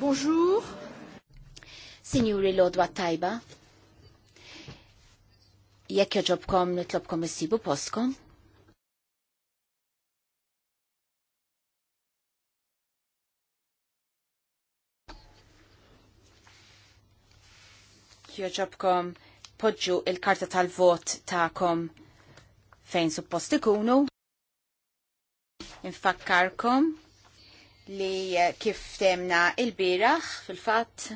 Bonjour. Signori Lodwa Tajba. Jekk joġobkom nitlobkom issibu poskom. Joġobkom podġu il-karta tal-vot ta'kom fejn suppost ikunu. Infakkarkom li eh, kif temna il-biraħ fil-fat.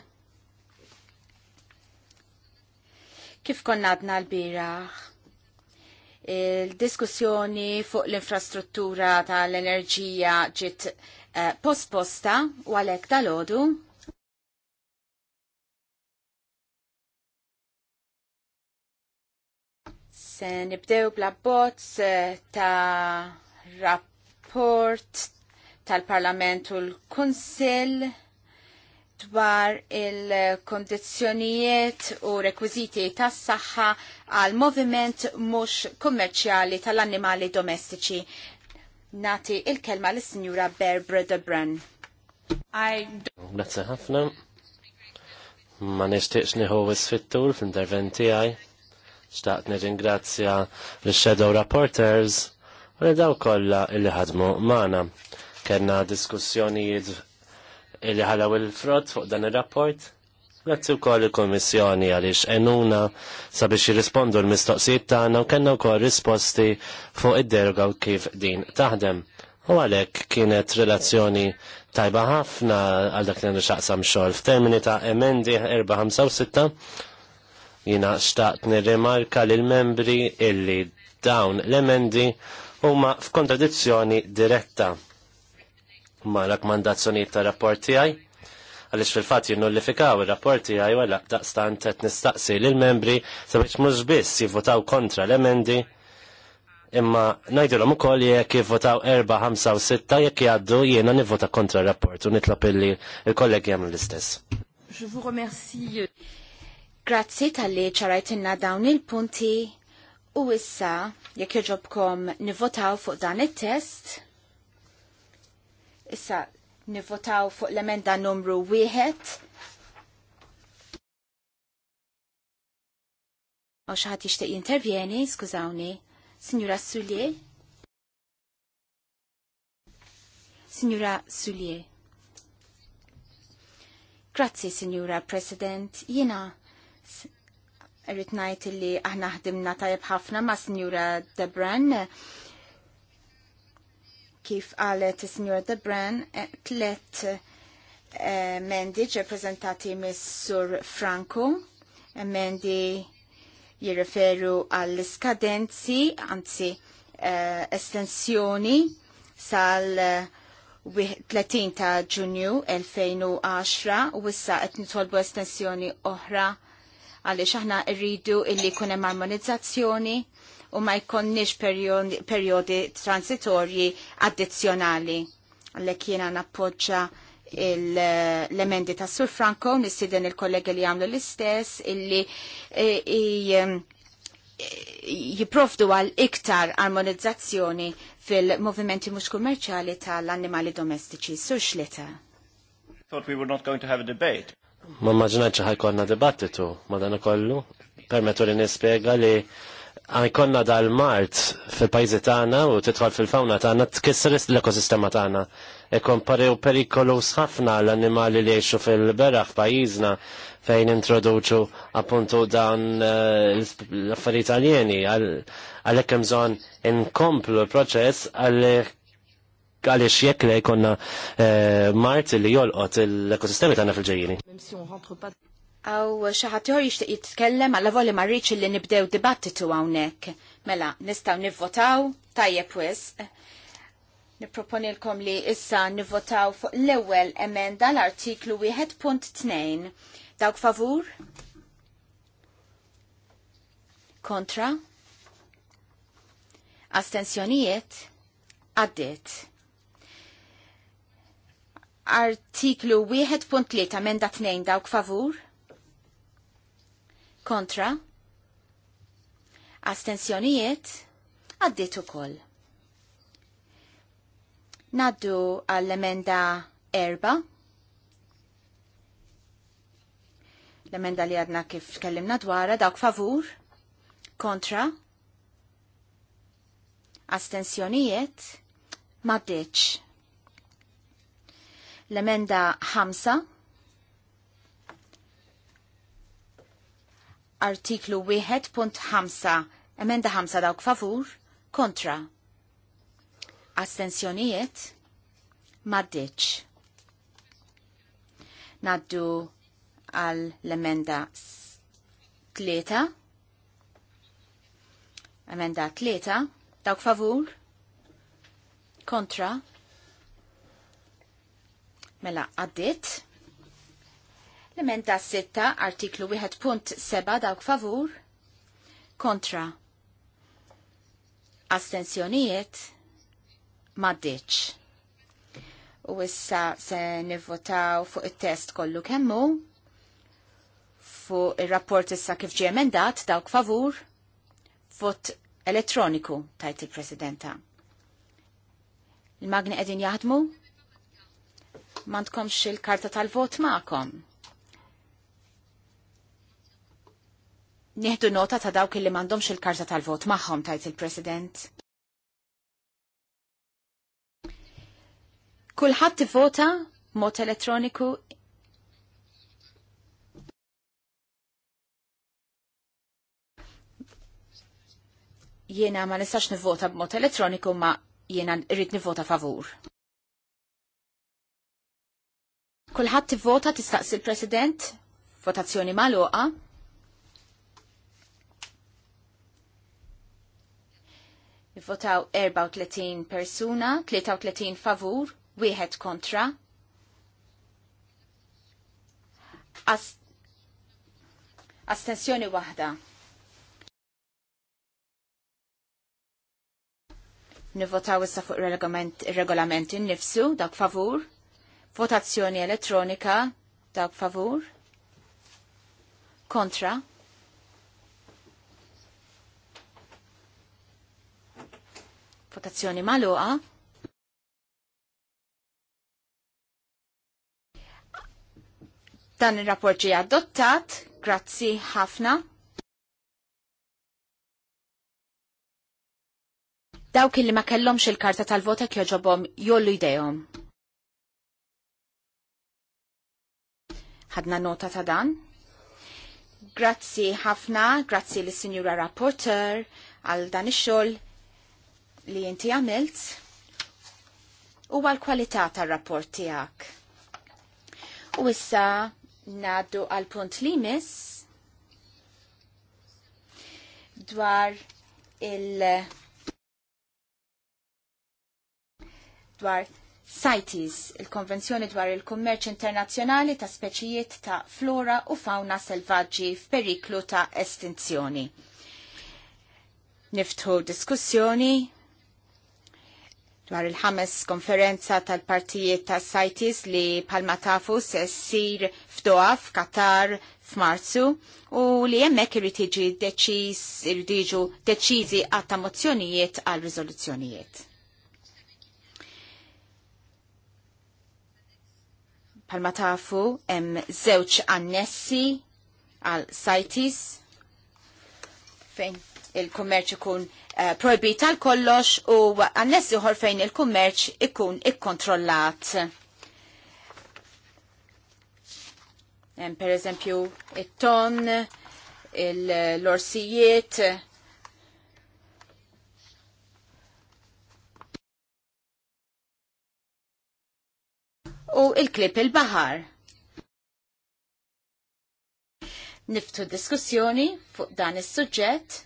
Kif konnadna l-biraħ? Il-diskussjoni fuq l-infrastruttura tal-enerġija ġiet eh, posposta u għalek tal-ħodu se nibdew bla bozz eh, ta' rapport tal-Parlament u l-Kunsill dwar il-kondizjonijiet u rekwiziti tas saħħa għal moviment mhux kummerċjali tal-annimali domestiċi. Nati il-kelma l sinjura De Debran. Grazie ħafna. Ma nixtieqx nieħu wisfittur fl-interventi għaj. Xtaqt nirringrazzja l-Shadow Rapporters u li daw kollha illi ħadmu maħna. Kenna diskussjonijiet li ħalaw il-frott fuq dan il-rapport. Grazzi u koll il-Komissjoni għalix enuna sabiex jirrispondu l-mistoqsijiet tagħna u kellna wkoll risposti fuq id-deroga kif din taħdem. U għalhekk kienet relazzjoni tajba ħafna għal dak li xaqsam xogħol f'termini ta' emendi 456 Jiena xtaqt nirrimarka lil membri illi dawn l-emendi huma f'kontradizzjoni diretta ma' rakkomandazzjonijiet ta' rapport tiegħi għaliex fil-fatt jinnullifikaw ir-rapport tiegħi għalla daqstant qed nistaqsi l membri sabiex mhux biss jivvotaw kontra l-emendi imma ngħidulhom ukoll jekk jivvotaw erba' ħamsa u sitta jekk jgħaddu jiena nivvota kontra r-rapport u nitlob illi il-kollegi jagħmlu l-istess. Je vous remercie. Grazzi tal-li ċarajtinna dawn il-punti u issa jekk joġobkom nivvotaw fuq dan it-test Issa nivvotaw fuq l-emenda numru 1. Għaw xaħat jishtiq jintervjeni, skużawni. Signora Sulje? Signora Sulje. Grazzi, Signora President. Jina, rritnajt li aħna ħdimna tajab ħafna ma' Signora Debran kif għalet il-Signor Debran, eh, tlet eh, mendi ġeprezentati mis Sur Franco, mendi jirreferu għall-skadenzi, anzi eh, estensjoni sal 30 ta' ġunju 2010 u issa qed nitolbu estensjoni oħra għaliex aħna rridu illi jkun hemm armonizzazzjoni u ma jkonniex periodi transitorji addizzjonali. Għallek jiena nappoġġa l-emendi ta' Sur Franco, nistiden il-kollegi li għamlu l-istess, illi e, jiprofdu għal iktar armonizzazzjoni fil-movimenti mux kummerċali tal-annimali domestiċi. Sur xlita. Thought we were not going to have a debate. Ma maġnaċ ħajkonna debattitu ma dan kollu. Permetu li nispiega li għajkonna dal-mart fil-pajzi tagħna u titħol fil-fawna tagħna tkisser l-ekosistema tagħna. Ikkomparew perikolu ħafna l-annimali li jiexu fil-beraħ f'pajjiżna fejn introduċu appuntu dan eh, l-affarijiet aljeni għalhekk hemm bżonn inkomplu l-proċess għaliex jekk li jkollna eh, mart li jolqot l-ekosistemi tagħna fil-ġejjini. Aw xaħat xaħatjor jishtiq jitkellem għalla voli marriċ li nibdew dibattitu għawnek. Mela, nistaw nivvotaw, tajjeb wis. Niproponilkom li issa nivvotaw fuq l-ewel emenda l-artiklu 1.2. Dawk favur? Kontra? Astensjonijiet? Għaddit. Artiklu 1.3 emenda 2 dawk favur? kontra, astensjonijiet, għaddit ukoll. Naddu għall-emenda erba. L-emenda li għadna kif tkellimna dwarha dawk favur, kontra, astensjonijiet, maddeċ. L-emenda ħamsa artiklu 1.5, emenda 5 dawk favur, kontra. Astensjonijiet, maddiċ. Naddu għal l-emenda 3, emenda 3, dawk favur, kontra, mela għaddit, L-emenda 6, artiklu 1.7 dawk favur, kontra. Astenzjonijiet maddiċ. U issa se nivvotaw fuq it-test kollu kemmu, fuq il-rapport issa kif ġie emendat dawk favur, vot elettroniku tajt il-presidenta. Il-magni edin jaħdmu? Mandkomx il-karta tal-vot ma'kom. Nieħdu nota ta' dawk li m'għandhomx il-karta tal-vot magħhom tajt il-President. Kulħadd vota mod elettroniku jiena ma nistax nivvota b'mod elettroniku ma jiena rrid nivvota favur. Kulħadd tivvota tistaqsi l-President, votazzjoni magħluqa. Votaw 34 persuna, 33 favur, wieħed kontra. As astensjoni waħda. Nivvotaw issa fuq il-regolament innifsu, dak favur. Votazzjoni elettronika, dak favur. Kontra. Votazzjoni maluqa. Dan il-rapport ġi adottat, grazzi ħafna. Dawk li ma kellhomx il-karta tal-vota kjoġobom jollu jdejhom. Ħadna nota ta' dan. Grazzi ħafna, grazzi l-Sinjura Rapporter għal dan ix-xogħol li inti għamilt u għal-kwalità tar-rapport tiegħek. U issa naddu għal punt li miss dwar il- dwar CITES, il-Konvenzjoni dwar il-Kummerċ Internazzjonali ta' Speċijiet ta' Flora u Fauna Selvaġġi f'periklu ta' estinzjoni. Niftħu diskussjoni dwar il-ħames konferenza tal-partijiet tas sajtis li palma tafu se sir f'Doha f'Katar f'Marzu u li jemmek irrid jiġi deċiż deċiżi għatta mozzjonijiet għal riżoluzzjonijiet. Palma tafu hemm żewġ annessi għal sajtis fejn il-kummerċ ikun Eh, projbi tal-kollox u għannessi juħor fejn il-kummerċ ikun ikkontrollat. Per eżempju, it-ton, l-orsijiet, u il-klip il-bahar. Niftu diskussjoni fuq dan is-suġġett.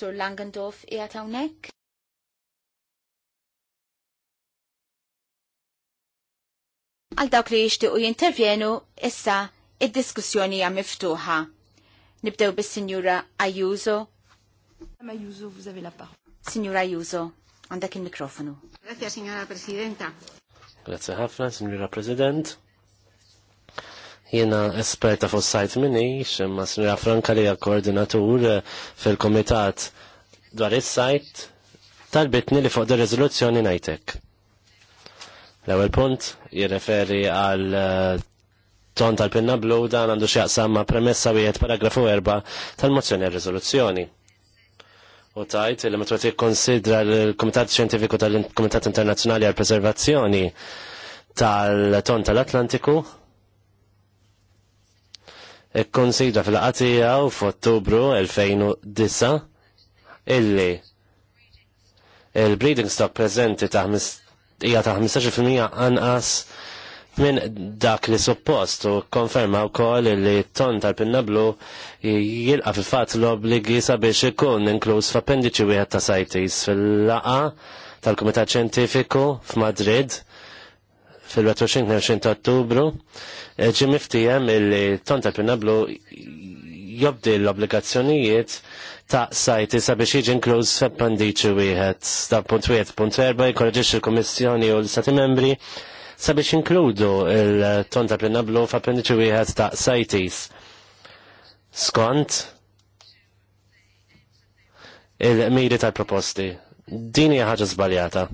Sur Langendorf qiegħed hawnhekk? Għal dawk li jixtiequ jintervjenu, issa id-diskussjoni hija miftuħa. Nibdew bis-Sinjura Ayuso. Ayuso, vous avez la parole. Signora Ayuso, għandek il-mikrofonu. Grazie, Signora Presidenta. Grazie ħafna, Signora President. Jena esperta fuq sajt minni, xemma Sinjora Franka li koordinatur eh, fil-komitat dwar is-sajt, talbitni li fuq da rezoluzzjoni najtek. L-ewwel punt jirreferi għal eh, ton tal-pinna blu dan għandu x'jaqsam ma' premessa wieħed paragrafu erba' tal-mozzjoni għal riżoluzzjoni u tajt li meta tikkonsidra l-Kumitat Xjentifiku tal-Kumitat Internazzjonali għall Preservazzjoni tal-Ton tal-Atlantiku ikkonsidra fil-qatija u f'Ottubru 2009 illi il-breeding stock prezenti hija ta' 15% anqas minn dak li suppost u konferma wkoll li ton tal-pinna blu jilqa fil-fatt l-obligi sabiex ikun inkluż f'appendiċi wieħed ta' sajtis fil-laqa tal-Kumitat Ċentifiku f'Madrid fil-22 ta' ottubru e, ġi miftijem il li tonta Pinablu jobdi l-obbligazzjonijiet ta' sajti sabiex jiġi inkluż f'appendiċi wieħed ta' punt wieħed punt erba' jkorreġix il-Kummissjoni u l-Stati membri sabiex inkludu il tonta pinablu Pinablu f'appendiċi wieħed ta' sajti. Skont, il-miri tal-proposti. Din hija ħaġa żbaljata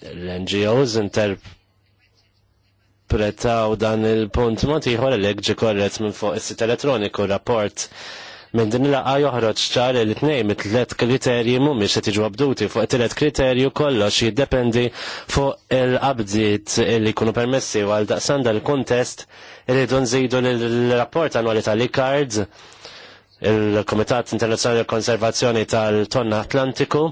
l-NGOs interpretaw dan il-punt mod ieħor għalhekk ekġi korret minn fuq is-sit elettroniku rapport minn din laqa joħroġ ċar li tnejn mit-tlet kriterji mhumiex se tiġu abduti fuq it-tlet kriterju kollox jiddependi fuq il-qabdiet li jkunu permessi għal daqsan dal-kuntest irridu nżidu l-rapport annwali tal-ICARD il-Komitat Internazzjonali Konservazzjoni tal-Tonna Atlantiku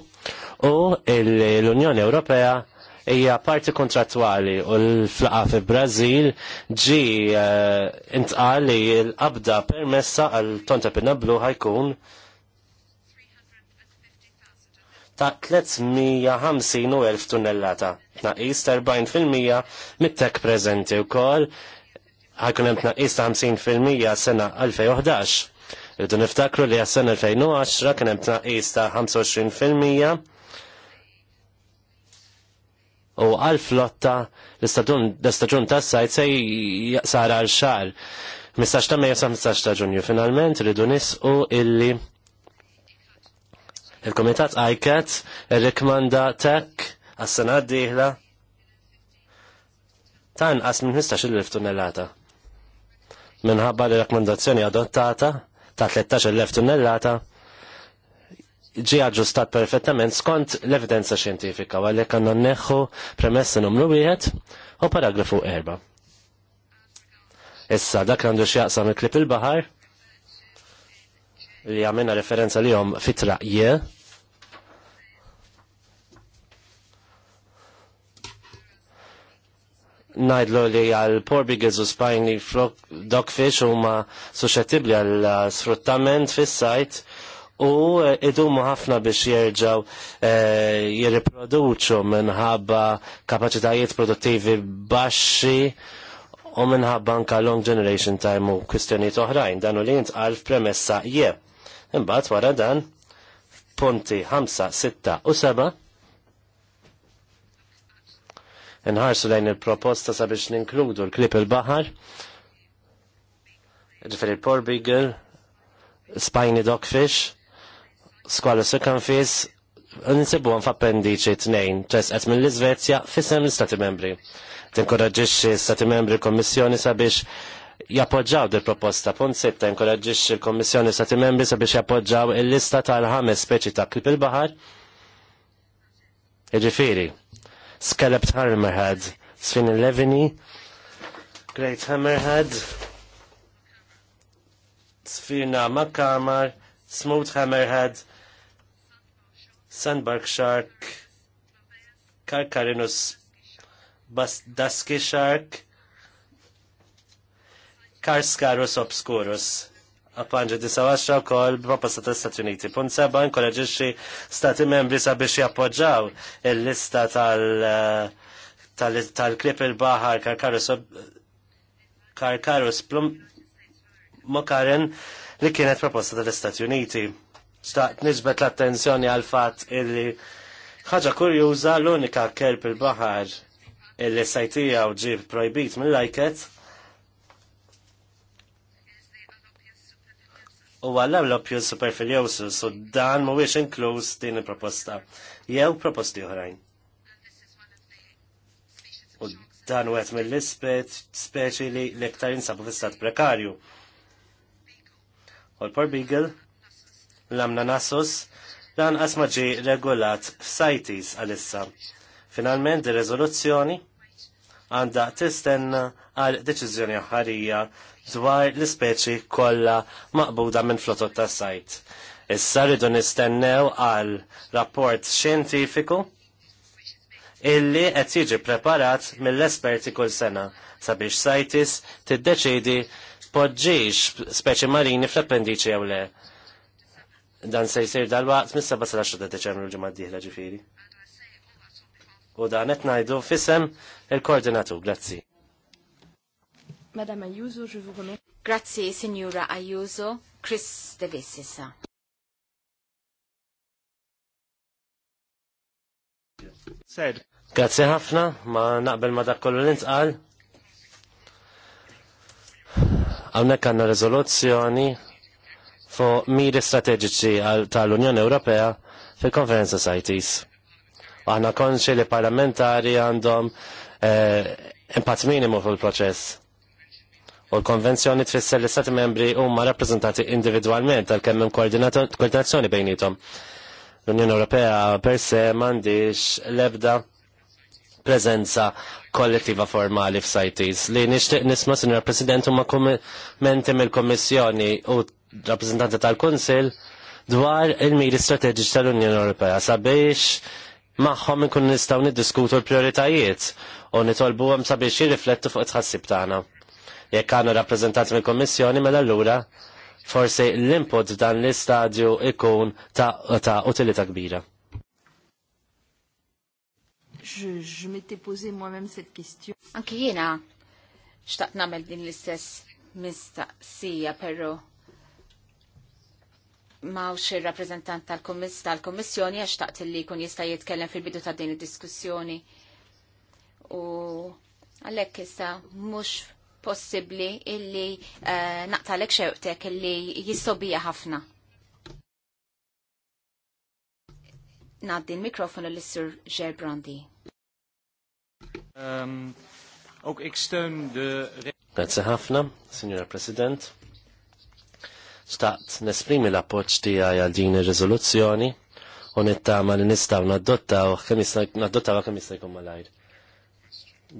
u l-Unjoni Ewropea hija parti kontrattwali u l-flaqa fi Brażil ġi eh, intqal li l abda permessa għal tonta pinablu ħajkun ta' 350.000 tunnellata. Naqis ta' 40% mit-tek preżenti wkoll ħajkun hemm tnaqqis ta' 50% sena 2011. Rridu niftakru li għas-sena 2010 kien hemm tnaqqis ta' 25% u għal-flotta l-istaġun tas sajt se jaqsar għal-xar. Mistax ta' jasam mistax 15 ta' Ġunju finalment rridu nisqu illi il-Komitat ICAT rikmanda tek għas-sena d-dieħla tanqas minn 15,000 tunnellata. Minħabba li rakkomandazzjoni adottata ta' 13,000 tunnellata ġi aġġustat perfettament skont l-evidenza xjentifika għalhekk għandna nneħħu premessa numru wieħed u paragrafu erba. Issa dak għandu x'jaqsam il-klip il-baħar li għamilna referenza li għom fitra je. Najdlu li għal porbigiz u spajni dogfish u ma suċetibli għal sfruttament fis-sajt u eh, idumu ħafna biex jirġaw eh, jirriproduċu minħabba kapacitajiet produttivi baxxi u minħabba anka long generation time u kwistjoniet oħrajn dan u li jintqal f'premessa je. Imbagħad wara dan punti 5, 6 u 7 nħarsu lejn il-proposta sabiex ninkludu l-klip il-bahar, ġifir il-Porbigal, Spiny Dogfish, skwallu circumfis nisibu għan f'appendiċi t-nejn, ċes għet minn l-Izvezja fissem l-Stati membri. Tinkoraġiċi Stati membri kommissjoni sabiex jappoġġaw dil proposta Punt sitta inkoraġġix l kommissjoni Stati Membri sabiex jappoġġaw il-lista tal-ħames speċi ta' klip il-baħar. Iġifiri, Scalloped Hammerhead, Sfin Levini, Great Hammerhead, Sfina Makamar, Smooth Hammerhead, Sandbark Shark, Karkarinus Dasky Shark, Karskarus Obscurus. Appanġi disawasċa u kol proposta ta' Stati Uniti. Punt seba' inkoraġiċi stati membri sabiex jappoġġaw il-lista tal-klip il-bahar Karkarus Karkarus Plum Mokaren li kienet proposta tal-Istati Uniti staqt nisbet l-attenzjoni għal fatt illi ħaġa kurjuża l-unika kelb il-baħar illi sajtija u ġib projbit minn lajket u għallaw l-opju superfiljosu so dan mhuwiex inkluż din il-proposta jew proposti oħrajn. U dan u għet mill lispet speċi li l-iktar jinsabu fissat prekarju. U l por Beagle l-amna nasus dan asmaġi regolat f-sajtis għalissa. Finalment, di rezoluzzjoni għanda tistenna għal deċiżjoni ħarija dwar l-ispeċi kollha maqbuda minn flotot ta' sajt. Issa rridu nistennew għal rapport xjentifiku illi qed jiġi preparat mill-esperti kull sena sabiex sajtis tiddeċidi poġġiex speċi marini fl-appendiċi jew le. Dan se jisir dalba, smissa bas l 10 ta' Deċembru l ġemad diħla ġifiri. U dan qed ngħidu fisem il koordinatu grazzi. Madame Ayuso, je vous remercie. Grazie, signora Ayuso. Chris de issa. Said. Grazie ħafna, ma naqbel ma dak kollu l-intqal. Għawnek għanna rezoluzzjoni Fu miri strateġiċi tal-Unjoni Ewropea fil-konferenza sajtis. Aħna konċi li parlamentari għandhom eh, impatt minimu fil-proċess. U l-konvenzjoni tfisser li stati membri huma rappreżentati individwalment għal kemm koordinazzjoni bejnietom. L-Unjoni Ewropea per se m'għandix l-ebda preżenza kollettiva formali f'sajtis li nixtieq nisma' Sinjor President huma kummenti mill kummissjoni u rappresentanti tal konsil dwar il-miri strategiċi tal-Unjoni Ewropea sabiex magħhom ikun nistgħu niddiskutu l-prioritajiet u nitolbuhom sabiex jirriflettu fuq it tħassib tagħna. Jekk għandu rappreżentanti mill-Kommissjoni mela l-lura, forsi l-input dan l-istadju ikun ta', ta utilita kbira. Je, je m'étais posé moi-même cette question. Anki jiena xtaqt nagħmel din l-istess mistaqsija, pero mawx il-rappresentant tal-Kommissjoni għax taqt li kun jista' jitkellem fil-bidu ta' din id-diskussjoni. U għalhekk issa mhux possibbli illi uh, naqtalek xewtek illi jissobija ħafna. Naddi l-mikrofonu l-Sur Gerbrandi. Um, Grazie ħafna, Signora President. Staqt nesprimi l-appoċ tiegħi għal din ir-riżoluzzjoni u nittama li nistgħu naddottaw kemm jista' naddottaw kemm jista' jkun malajr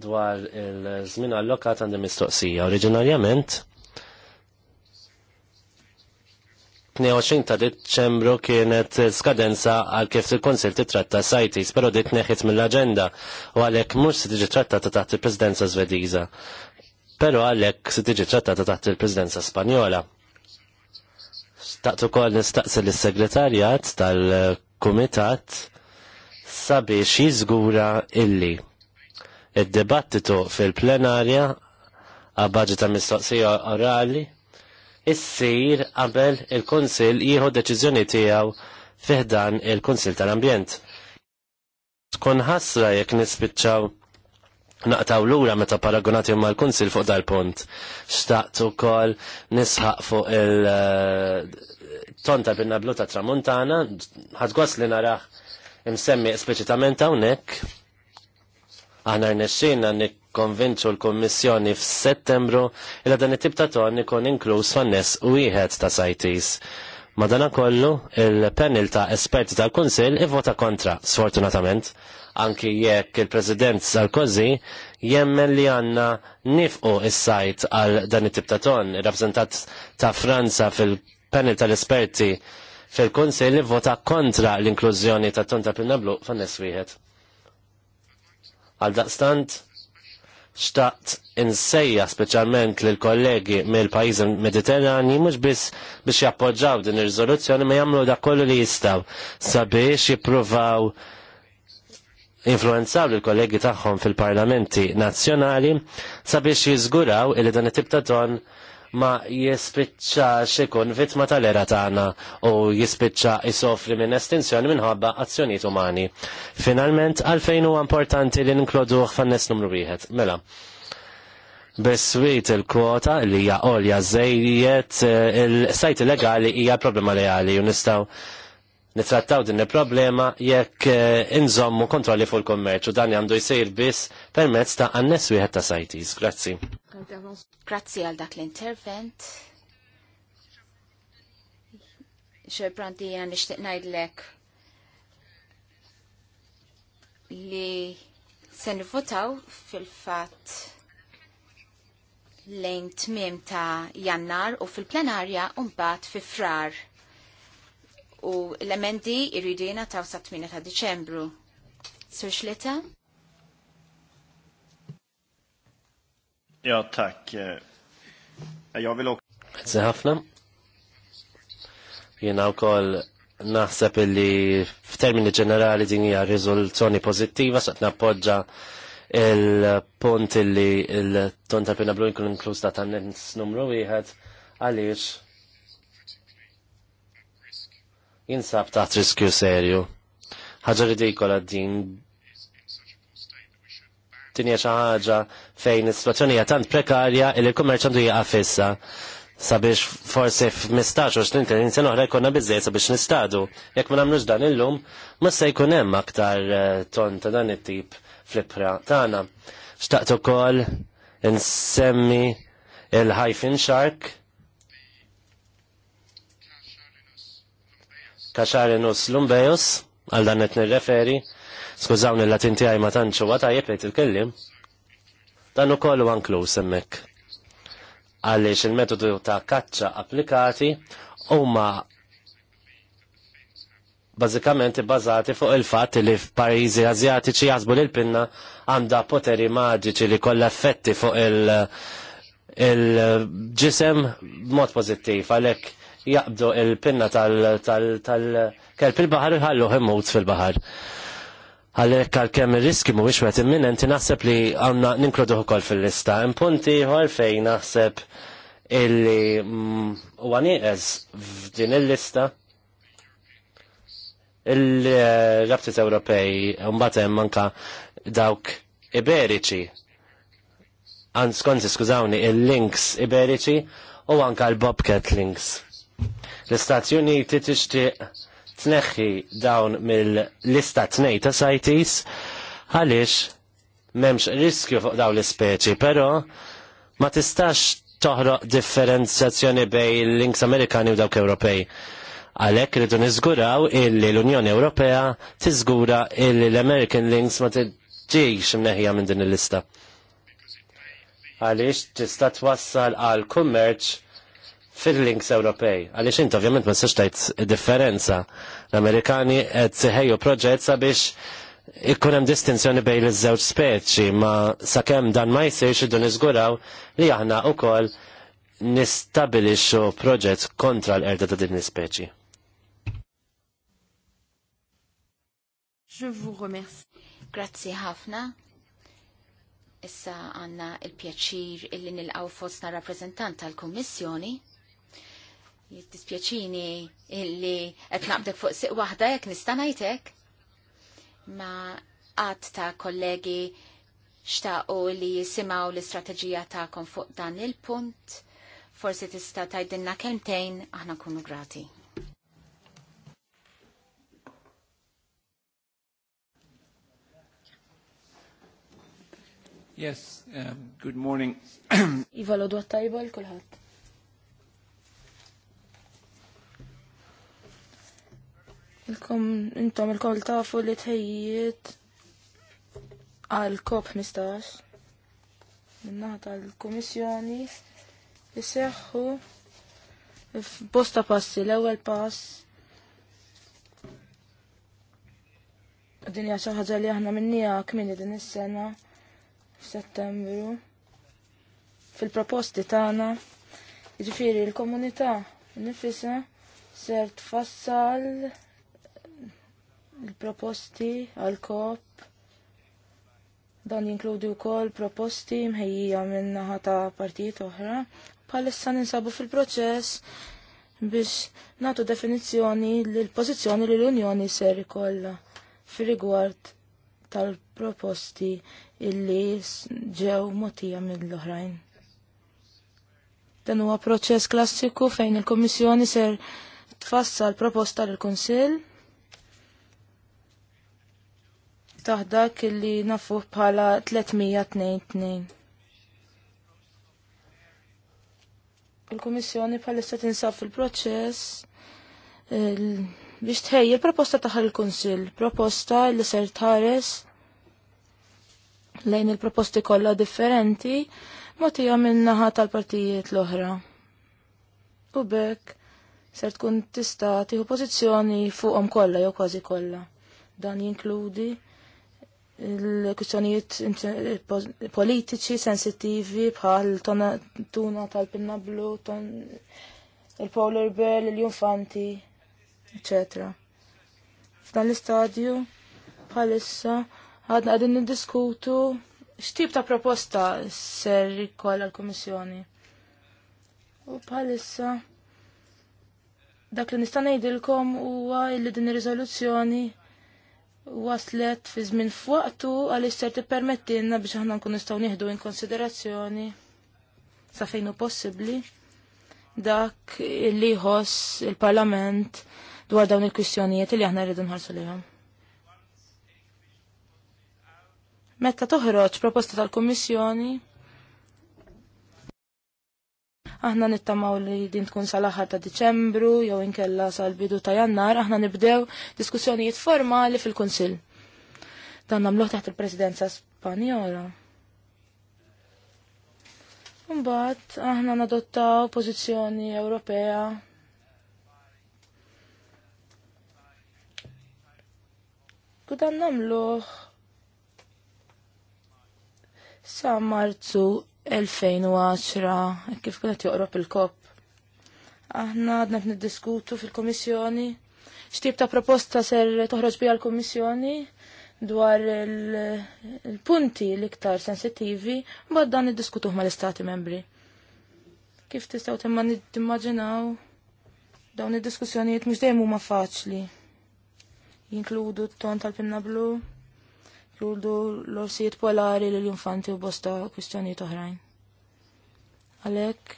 dwar il-żmien allokat għandhom mistoqsija. Oriġinarjament 22 ta' Deċembru kienet skadenza għal kif il-Konsil titratta sajtis, pero dit neħit mill-aġenda u għalhekk mhux se tiġi trattata taħt il-Presidenza Svediża. Pero għalhekk se tiġi trattata taħt il-Presidenza Spanjola. Taqtu kol nistaqsi lis-segretarjat tal-kumitat sabiex jiżgura illi id-dibattitu fil-plenarja għabbaġi ta' mistoqsija orali issir qabel il-Konsil jieħu deċiżjoni tiegħu fiħdan il-Konsil tal-Ambjent. Tkun ħasra jekk nispiċċaw naqtaw lura meta paragonati mal kunsil fuq dal-punt. Xtaqt kol nisħaq fuq il-tonta eh, binna bluta tramontana, tramuntana, ħadgos li naraħ imsemmi esplicitament hawnhekk. Aħna rnexxina nikkonvinċu l-Kummissjoni f'Settembru il dan it tib ta' ton ikun inkluż fan-nies wieħed ta' sajtis. Madana kollu, il-panel ta' esperti tal-Kunsil ivvota kontra, sfortunatament, anki jekk il-President Sarkozy jemmen li għanna nifqu is-sajt għal dan it ta' ton. Il-rappresentat ta' Franza fil-panel tal-esperti fil li vota kontra l-inklużjoni ta' ton ta' blu fan wieħed. Għal daqstant, xtaqt insejja speċjalment l kollegi mill pajjiż mediterrani mhux biss biex jappoġġaw din ir-riżoluzzjoni ma jagħmlu dak kollu li jistgħu sabiex jippruvaw influenzaw l-kollegi tagħhom fil-parlamenti nazzjonali sabiex jiżguraw li dan it ton ma jispiċċa ikun vittma tal-era tagħna u jispiċċa isofri minn estinzjoni minħabba azzjonijiet umani. Finalment, għalfejn huwa importanti li nkloduh fan-nies numru wieħed. Mela, Beswit il-kwota li hija olja żejjed eh, il-sajt illegali hija problema reali u nistgħu nitrattaw din il-problema jekk eh, inżommu kontrolli fuq il kommerċu dan għandu jsir biss permezz ta' annes wieħed ta' sajtis. Grazzi. Grazzi għal dak l-intervent. Xebrandi għan nishtiq najdlek li se nivvotaw fil-fat lejn tmim ta' jannar u fil-plenarja un-bat fi frar u l-emendi irridina taw sa' 8 ta' Diċembru. Sur Xlita? Ja, tack. Eh, jag vill ok. Grazie ħafna. Jena u kol naħseb li f'termini ġenerali din hija riżoluzzjoni pożittiva saqt nappoġġa il-punt li il tonta pina blu jkun inkluż ta' tan numru wieħed għaliex jinsab taħt riskju serju. Ħaġa ridikola din tinja xi ħaġa fejn is-sitwazzjoni hija tant prekarja li l-kummerċantu hija fissa sabiex forsi f-15 u 20 sena oħra jkunna bizzej sabiex nistadu. Jekk ma nagħmlux dan illum, ma se jkun hemm aktar eh, ton ta' dan it-tip fl-ipra tagħna. Xtaqt ukoll insemmi il-hyphen shark Kaxarinus Lumbejus, għal dan qed nirreferi, skużawni l-latin tiegħi ma tantx huwa tajjeb jgħid il-kellim. Dan ukoll huwa inkluż hemmhekk. Għaliex il-metodu ta' kaċċa applikati huma bażikament ibbażati fuq il-fatt li f'pajjiżi Azjatiċi jazbu l pinna għandha poteri maġiċi li kollha effetti fuq il- il-ġisem b'mod pożittiv għalhekk jaqbdu il-pinna tal kelp il-bahar ħallu imut fil-bahar. Għalek għal-kem il-riski mu biex minn, imminenti naħseb li għanna ninkludu ukoll fil-lista. Impunti għal fej naħseb illi għaniqez mm, f'din il-lista il-rabtit Ewropej un-batem manka dawk iberiċi. Għan skonti skużawni il-links iberiċi u anka l-bobcat links. L-Istati Uniti tixtieq tneħħi dawn mill-lista tnej ta' CITES għaliex m'hemmx riskju fuq dawn l-ispeċi, però ma tistax toħroq differenzjazzjoni bej l-Inks Amerikani u dawk Ewropej. Għalhekk rridu niżguraw illi l-Unjoni Ewropea tiżgura illi l-American Links ma tiġix mneħija minn din il-lista għaliex tista' twassal għal kummerċ fil-links Ewropej. Għaliex inti ovvjament ma tistax tgħid differenza. L-Amerikani qed seħejju proġett sabiex ikkun hemm distinzjoni bejn iż-żewġ speċi ma sakemm dan ma jsirx idu niżguraw li aħna wkoll nistabilixxu proġett kontra l erda ta' din ispeċi. Je vous remercie. Grazzi ħafna. Issa għanna il-pjaċir illi nil-għaw fostna rappresentant tal-Kommissjoni jittispjaċini illi qed naqbdek fuq siq waħda jekk nista' ngħidlek. Ma qatt ta' kollegi xtaqu li jisimaw l-istrateġija tagħkom fuq dan il-punt. Forsi tista' tgħidilna kelmtejn aħna nkunu grati. Yes, um, good morning. Iva l-odwa l-kulħat. Il-kom, intom il-kol tafu li tħejjiet għal kop 15. Minnaħat l komissjoni jisseħħu f'bosta passi l-ewwel pass Dinja xi ħaġa li aħna minnija kmini din is-sena f'Settembru fil-proposti tagħna jiġifieri l-komunità nifisa ser tfassal Il-proposti għal-kop dan jinkludi wkoll proposti mħejjija minn naħa ta' partijiet oħra. Bħalissa ninsabu fil-proċess biex natu definizzjoni l-pożizzjoni li l-Unjoni ser kolla fir-rigward tal-proposti illi ġew motija mill-oħrajn. Dan huwa proċess klassiku fejn il-Kommissjoni ser tfassal proposta l kunsill taħ dak li nafuh bħala 302. Il-Kummissjoni bħalissa tinsab fil-proċess biex tħejja il-proposta taħal il-Kunsill, proposta li ser tħares lejn il-proposti kollha differenti motija minnaħa tal-partijiet l-oħra. U bekk ser tkun tista' tieħu pożizzjoni fuqhom kollha jew kważi kollha. Dan jinkludi il-kustjonijiet politiċi sensittivi bħal tuna tal-pinna blu, il-polar bear, l-infanti, etc. F'dan l-istadju bħalissa għadna għadin niddiskutu x'tip ta' proposta ser kolla l-Kummissjoni. U bħalissa dak li nista' ngħidilkom huwa li din ir-riżoluzzjoni waslet fi żmien f'waqtu għaliex ser tippermettilna biex aħna nkun nistgħu nieħdu in konsiderazzjoni sa fejn hu possibbli dak li jħoss il-Parlament dwar dawn il-kwistjonijiet li aħna rridu nħarsu lihom. Meta toħroġ proposta tal-Kummissjoni, Aħna nittamaw li din tkun sal-aħħar ta' Diċembru jew inkella sal-bidu ta' Jannar aħna nibdew diskussjonijiet formali fil-Kunsill. Dan nagħmluh taħt il-Presidenza Spanjola. Mbagħad aħna nadottaw pożizzjoni Ewropea U dan namluħ sa marzu 2010, kif kienet joqrob il-kop. Aħna għadna niddiskutu fil-komissjoni, xtib ta' proposta ser toħroġ bija l-komissjoni dwar il-punti l-iktar sensitivi, bad dan niddiskutuh ma l-istati membri. Kif tistaw temma nimmaġinaw dawn id-diskussjonijiet mhux dejjem huma faċli. Jinkludu t-ton tal-pinna blu jurdu l-orsijiet polari l-infanti u bosta kwistjonijiet oħrajn. Għalek,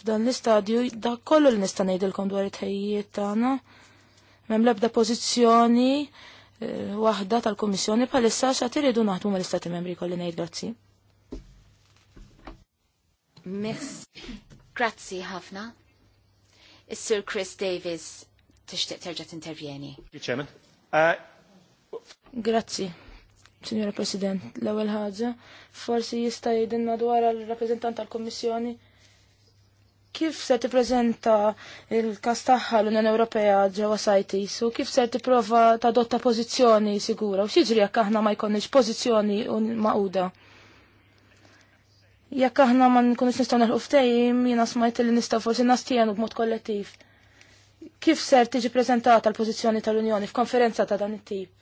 f'dan l-istadju, da kollu l-nista nejdilkom dwar it-ħejjiet tagħna. Mem lebda pożizzjoni eh, waħda tal-Kummissjoni bħalissa xa iridu naħdmu mal-Istati Membri kolli ngħid grazzi. Grazzi ħafna. Is-Sir Chris Davis tixtieq terġa' tintervjeni. Uh, grazzi. Signora President, l-ewwel ħaġa, forsi jista' jgħidilna dwar għall-rappreżentant tal-Kummissjoni kif se tippreżenta il-każ tagħha l-Unjoni Ewropea ġewwa CITES u kif se tipprova tadotta pożizzjoni sigura u x'jiġri jekk aħna ma jkollniex pożizzjoni maquda. Jekk aħna ma nkunux nistgħu naħluq ftehim, jiena smajt li nistgħu forsi nastienu b'mod kollettiv. Kif ser tiġi preżentata l-pożizzjoni tal-Unjoni f'konferenza ta' dan it-tip?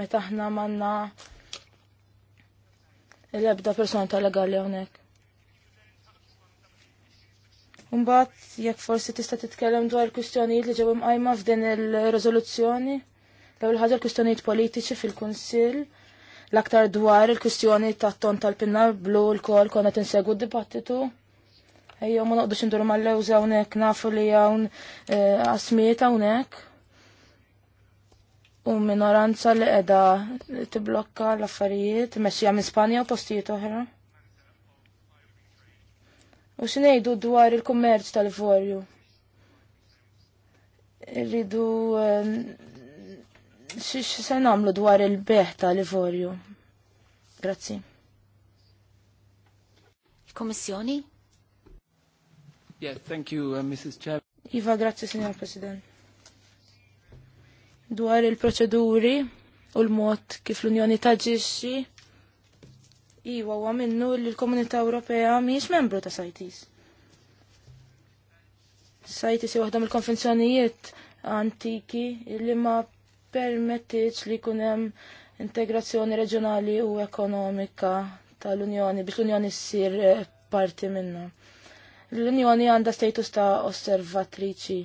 meta aħna manna l-ebda persona ta' legali hawnhekk. Umbat, jekk forsi tista' titkellem dwar il-kwistjonijiet li ġew imqajma f'din il-riżoluzzjoni, l-ewwel ħaġa l-kwistjonijiet politiċi fil-Kunsill, l-aktar dwar il-kwistjoni tat-ton tal pinna blu l-kol konna tinsegu d-dibattitu. Ejjew ma noqdux indur mal-lewża hawnhekk nafu li hawn għasmiet eh, hawnhekk u minoranza li edha tiblokka l-affarijiet mexxija minn Spanja u postijiet oħra. U xinejdu dwar il-kummerċ tal-ivorju? Eh, xiex se nagħmlu dwar il-beħ tal-ivorju? Grazzi. Il-Kommissjoni? Yes, thank you, uh, Mrs. Chair. Iva, grazie, Signor President dwar il-proċeduri u l-mod kif l-Unjoni taġġixxi. Iwa huwa minnu li l-Komunità Ewropea mhijiex membru ta' CITES. CITES hija waħda mill-konvenzjonijiet antiki li ma permettiċ li jkun hemm integrazzjoni reġjonali u ekonomika tal-Unjoni biex l-Unjoni ssir eh, parti minnha. L-Unjoni għandha status ta' osservatriċi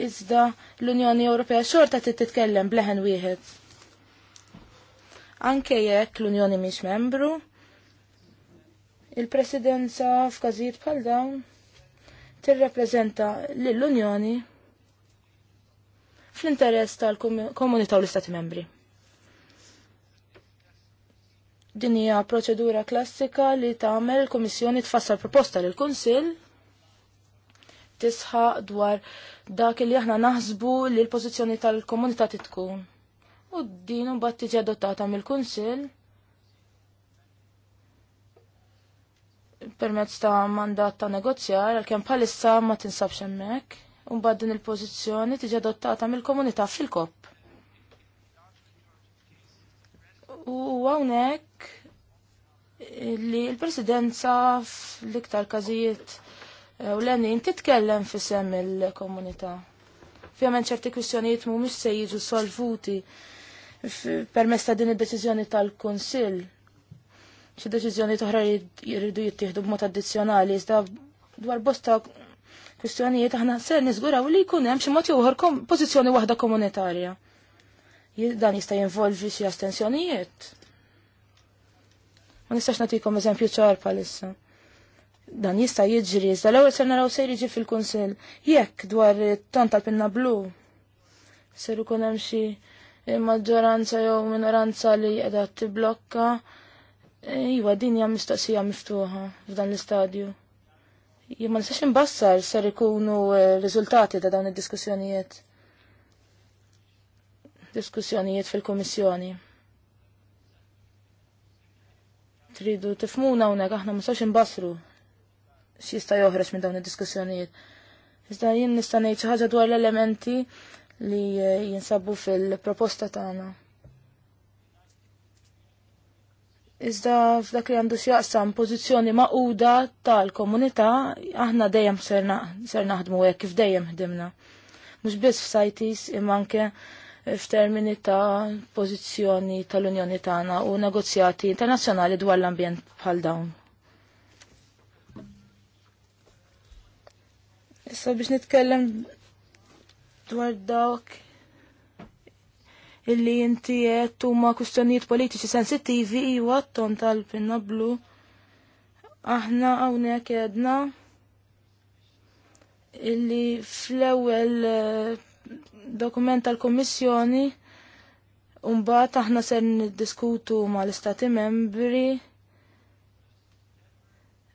Iżda l-Unjoni Ewropea xorta titkellem bleħen wieħed. Anke jekk l-Unjoni mhix membru, il-Presidenza f'każijiet bħal dawn tirrepreżenta lill-Unjoni fl-interess tal-komunità u l-Istati membri. Din hija proċedura klassika li tagħmel il-Kummissjoni tfassal proposta lill kunsill Tisħa dwar dak li aħna naħsbu li l-pożizzjoni tal-komunità titkun. U din mbagħad tiġi adottata mill-Kunsill permezz ta' mandat ta' negozjar, għalkemm bħalissa ma tinsabx hemmhekk, u mbagħad din il-pożizzjoni tiġi adottata mill-komunità fil-kopp. U hawnhekk li l-presidenza fl-iktar każijiet u l-għenni titkellem fisem il-komunità. għamen ċerti kwistjonijiet mu mux se jiġu solvuti permess ta' din id-deċiżjoni tal-Kunsill. Xi deċiżjoni toħra jridu jittieħdu b'mod addizzjonali, iżda dwar bosta kwistjonijiet aħna ser niżguraw li jkun hemm xi mod joħor pożizzjoni waħda komunitarja. Dan jista' jinvolvi xi astensjonijiet. Ma nistax nagħtikom eżempju ċar issa dan jista' jiġri, iżda l-ewwel se naraw se jiġi fil-kunsill. Jekk dwar ton tal-pinna blu ser ikun hemm xi maġġoranza jew minoranza li qiegħda tibblokka. E, iwa din hija mistoqsija miftuħa f'dan l-istadju. Jien ma nistax imbassar ser ikunu e, riżultati ta' dawn id-diskussjonijiet. Diskussjonijiet fil-Kummissjoni tridu tifmuna hawnhekk aħna ma sawx imbasru jista joħroġ minn dawn id-diskussjonijiet. Iżda jien nista' ngħid xi ħaġa dwar l-elementi li eh, jinsabu fil-proposta tagħna. Iżda f'dak li għandu x'jaqsam pożizzjoni maquda tal-komunità aħna dejjem ser naħdmu hekk kif dejjem ħdimna. Mhux biss f'sajtis imma anke f'termini ta' pożizzjoni tal-Unjoni tagħna u negozjati internazzjonali dwar l-ambjent bħal dawn. Issa biex nitkellem dwar dawk illi inti qed huma kwistjonijiet politiċi sensittivi u għatton tal-pinna blu. Aħna hawnhekk għedna illi fl-ewwel eh, dokument tal kummissjoni mbagħad aħna ser niddiskutu mal istati membri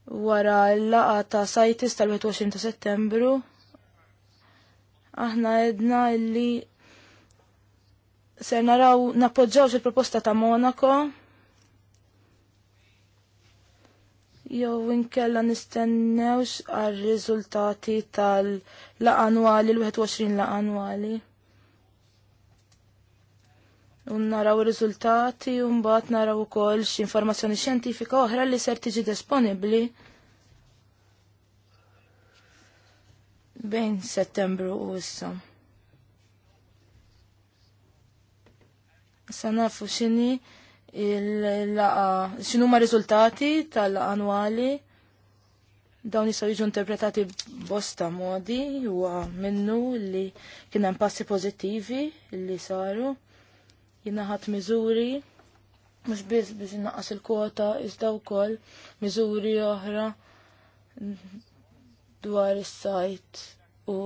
wara l-laqa ta' sajtis tal-21 ta' settembru aħna edna li ser naraw nappoġġawx il-proposta ta' Monaco jew inkella nistennewx għal riżultati tal-laqa annwali l-21 laqa annwali naraw il riżultati un mbagħad naraw ukoll x'informazzjoni xjentifika oħra li ser tiġi disponibbli bejn Settembru u issa. Issa nafu x'inhi il-laqa, x'inhuma riżultati tal-laqa annwali dawn jistgħu jiġu interpretati bosta modi huwa minnu li kien hemm passi pożittivi li saru jinaħat miżuri mhux biss biex innaqqas il-kwota iżda wkoll miżuri oħra dwar is-sajt u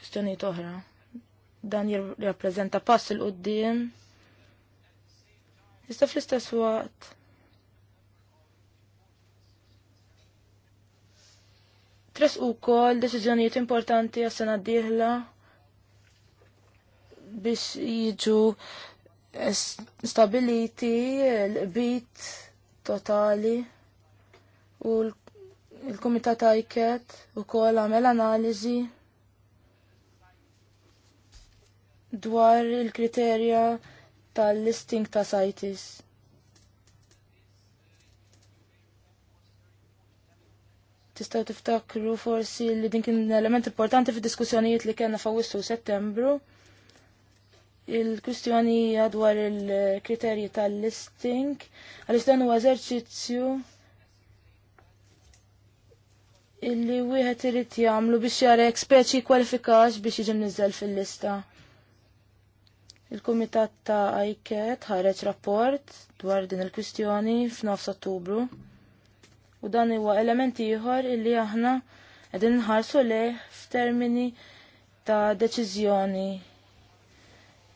kwistjonijiet oħra. Dan jirrappreżenta pass il qoddim Iżda fl-istess waqt Tres u kol deċiżjonijiet importanti għas-sena d-dieħla biex jiġu stability, l-bit totali u l-Kumitat Ajket u kol għamel analizi dwar il-kriterja tal-listing ta' sajtis. Tistaw tiftakru forsi li din kien element importanti fi diskussjonijiet li kena fawissu settembru il-kwistjonija dwar il-kriterji tal-listing, għal-istan u eżerċizzju illi wieħed irid jagħmlu biex jarek speċi kwalifikax biex jiġi mniżel fil-lista. Il-Kumitat ta' IKET ħareġ rapport dwar din il-kwistjoni f'nofs Ottubru u dan huwa element ieħor illi aħna qegħdin nħarsu leh f'termini ta' deċiżjoni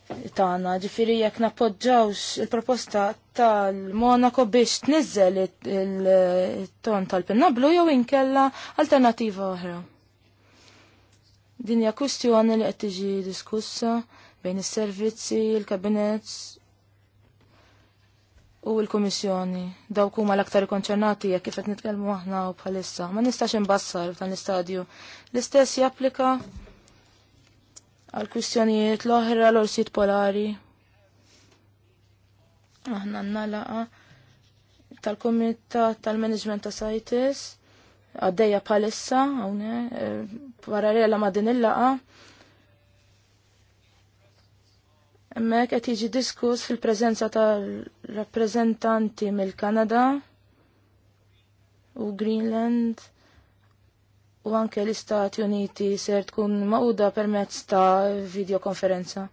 tagħna, ġifieri jekk nappoġġawx il-proposta tal-Monaco biex tniżel il-ton tal pinnablu jew inkella alternativa oħra. Din hija kwistjoni li qed tiġi diskussa bejn is-servizzi, il-kabinet u l-Kummissjoni. Dawk huma l-aktar konċernati jekk kif qed nitkellmu aħna u bħalissa. Ma nistax imbassar f'dan l-istadju. L-istess japplika għal kwistjonijiet l-oħra l-orsit polari. Aħna għanna laqa tal-Komitat tal-Management ta' Sajtis għaddeja palissa għawne parallela eh, ma' din il-laqa. Mek qed jiġi diskus fil-preżenza tal-rappreżentanti mill-Kanada u Greenland u anke l-Istati Uniti ser tkun maquda permezz ta' videokonferenza.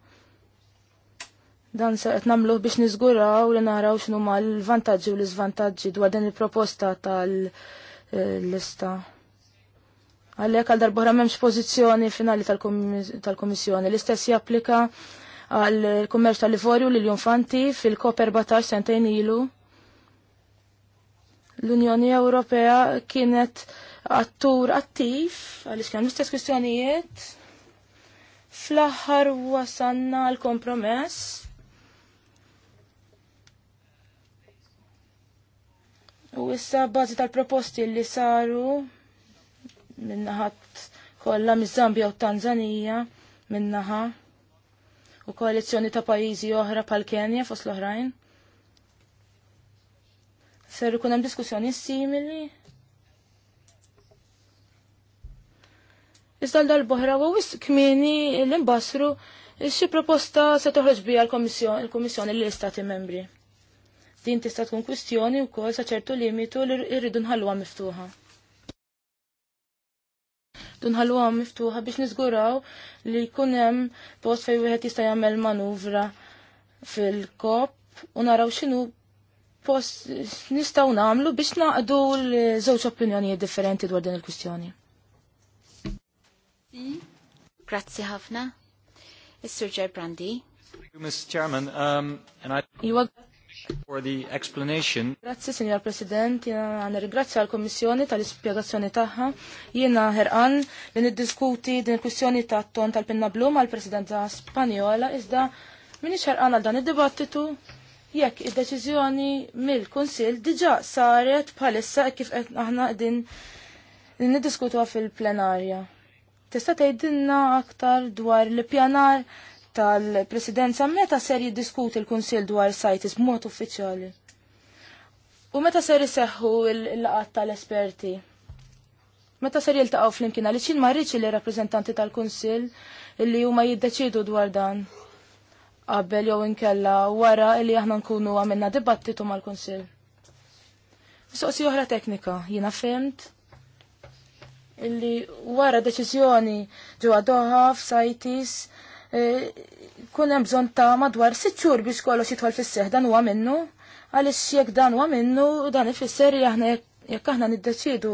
Dan se qed nagħmluh biex niżguraw li naraw x'inhu ma l-vantaġġi u l-iżvantaġġi dwar din il-proposta tal-lista. Għalhekk għal darbohra m'hemmx pożizzjoni finali tal-Kummissjoni. L-istess japplika għal kummerċ tal-Livorju l Junfanti fil-COP 14 sentejn ilu. L-Unjoni Ewropea kienet attur attiv għaliex kemm l-istess kwistjonijiet fl-aħħar wasanna l-kompromess U issa bazi tal-proposti li saru minnaħat kollha miż-Zambja u Tanzanija minnaħa u koalizzjoni ta' pajjiżi oħra pal kenja fost l-oħrajn. Seru kunem hemm diskussjoni simili Iżda l-darbohra u wis kmini l-imbasru xi proposta se toħroġ bija l-Kummissjoni l-Istati membri. Din tista' tkun kwistjoni wkoll sa ċertu limitu li rridu nħalluha miftuħa. Dunħalluha miftuħa biex niżguraw li jkun hemm post fejn wieħed jista' jagħmel manuvra fil-kop u naraw x'inhu post nistgħu nagħmlu biex naqdu l-żewġ opinjonijiet differenti dwar din il-kwistjoni. Grazzi ħafna. is Thank you, Mr. Chairman, um, and I for the explanation. Grazzi, Signor President, jena nirringrazzja għal-Kommissjoni tal ispjegazzjoni tagħha. Jiena ħerqan li niddiskuti din il-kwistjoni ta' ton tal-Pinna Blum għal-Presidenza Spanjola iżda minix ħerqan għal dan id-dibattitu jekk id-deċiżjoni mill-Kunsill diġà saret bħalissa kif qed aħna din niddiskutuha fil-plenarja. Tista' tgħidilna aktar dwar l-pjanar tal-Presidenza meta ser jiddiskuti l-Kunsill dwar sajtis b'mod uffiċjali. U meta ser iseħħu l-laqat tal-esperti? Meta ser jiltaqgħu flimkien għaliex jien ma li rappreżentanti tal-Kunsill illi huma jiddeċidu dwar dan qabel jew inkella wara li aħna nkunu għamilna dibattitu mal-Kunsill. Soqsi oħra teknika, jiena fimt illi wara deċiżjoni ġewwa Doha f'Saitis e, kun hemm bżonn ta' madwar sitt xhur biex kollox jidħol fis-seħ dan huwa minnu għaliex jekk dan huwa minnu dan ifisser li aħna jekk aħna niddeċidu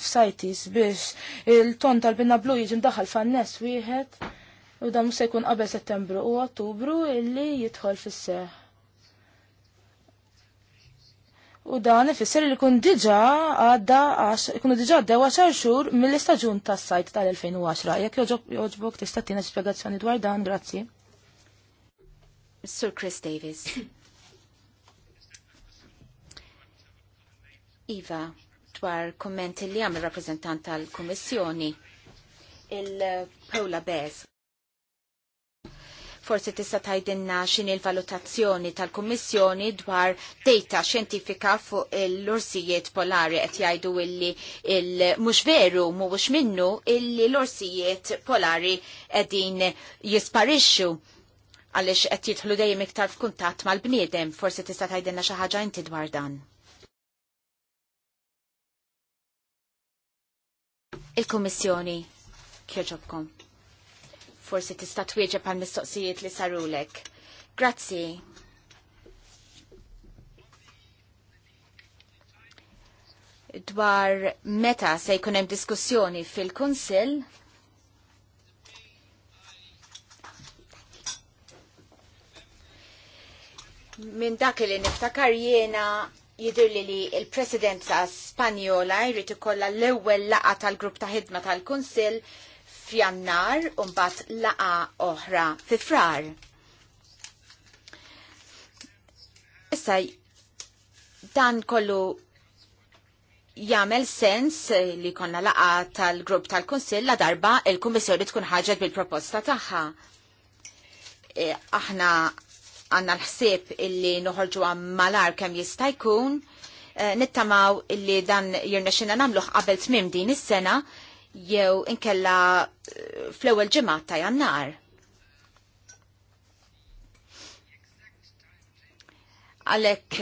f'Saitis biex il-ton tal-binna blu jiġi mdaħħal fan-nes wieħed u dan mhux jkun qabel Settembru u Ottubru illi jidħol fis seħħ U dan ifisser li kun diġa għadda kun diġa għaddew 10 xhur mill-istaġun tas-sajt tal-2010. Jekk joġbok tista' tina spjegazzjoni dwar dan, grazzi. Sir Chris Davis. Iva, dwar kommenti li għamil rappresentant tal-Kummissjoni il pola Bez. Forsi tista' tgħidilna x'inhi l-valutazzjoni tal-Kummissjoni dwar data xjentifika fuq l-orsijiet polari qed jgħidu illi il mhux veru mhuwiex minnu illi l-orsijiet polari qegħdin jisparixxu għaliex qed jidħlu dejjem iktar f'kuntatt mal-bniedem. Forsi tista' tgħidilna xi ħaġa inti dwar dan. Il-Kummissjoni kieġobkom. Forsi tista' twieġeb għal mistoqsijiet li sarulek. Grazzi. dwar meta se jkun hemm diskussjoni fil-Kunsill minn dak li niftakar jiena jidur li li il-presidenza spanjola jrid ikollha l-ewwel laqa tal-grupp ta' ħidma tal-Kunsill f'jannar u mbagħad laqa oħra fi frar. Issa dan kollu jagħmel sens li konna laqa tal-grupp tal-Kunsill la darba il-Kummissjoni tkun ħaġet bil-proposta tagħha. E, aħna għanna l-ħsieb illi noħorġu għam malar kem jista' jkun, e, nittamaw illi dan jirnexina namluħ qabel tmim din is-sena jew inkella eh, fl-ewwel ġimgħa ta' Jannar. Għalhekk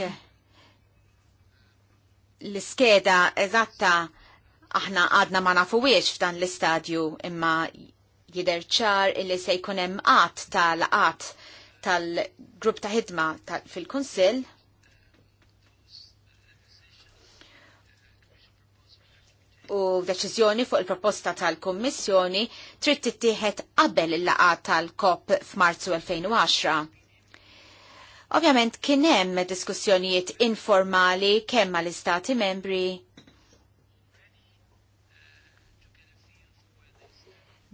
l-iskeda eżatta aħna għadna ma nafuwiex f'dan l-istadju imma jider ċar illi se jkun hemm qatt tal-qatt tal-grupp ta' ħidma fil-Kunsill u deċiżjoni fuq il-proposta tal-Kommissjoni trid tittieħed qabel il-laqgħa tal-COP f'Marzu 2010. Ovvjament kien hemm diskussjonijiet informali kemm mal-Istati membri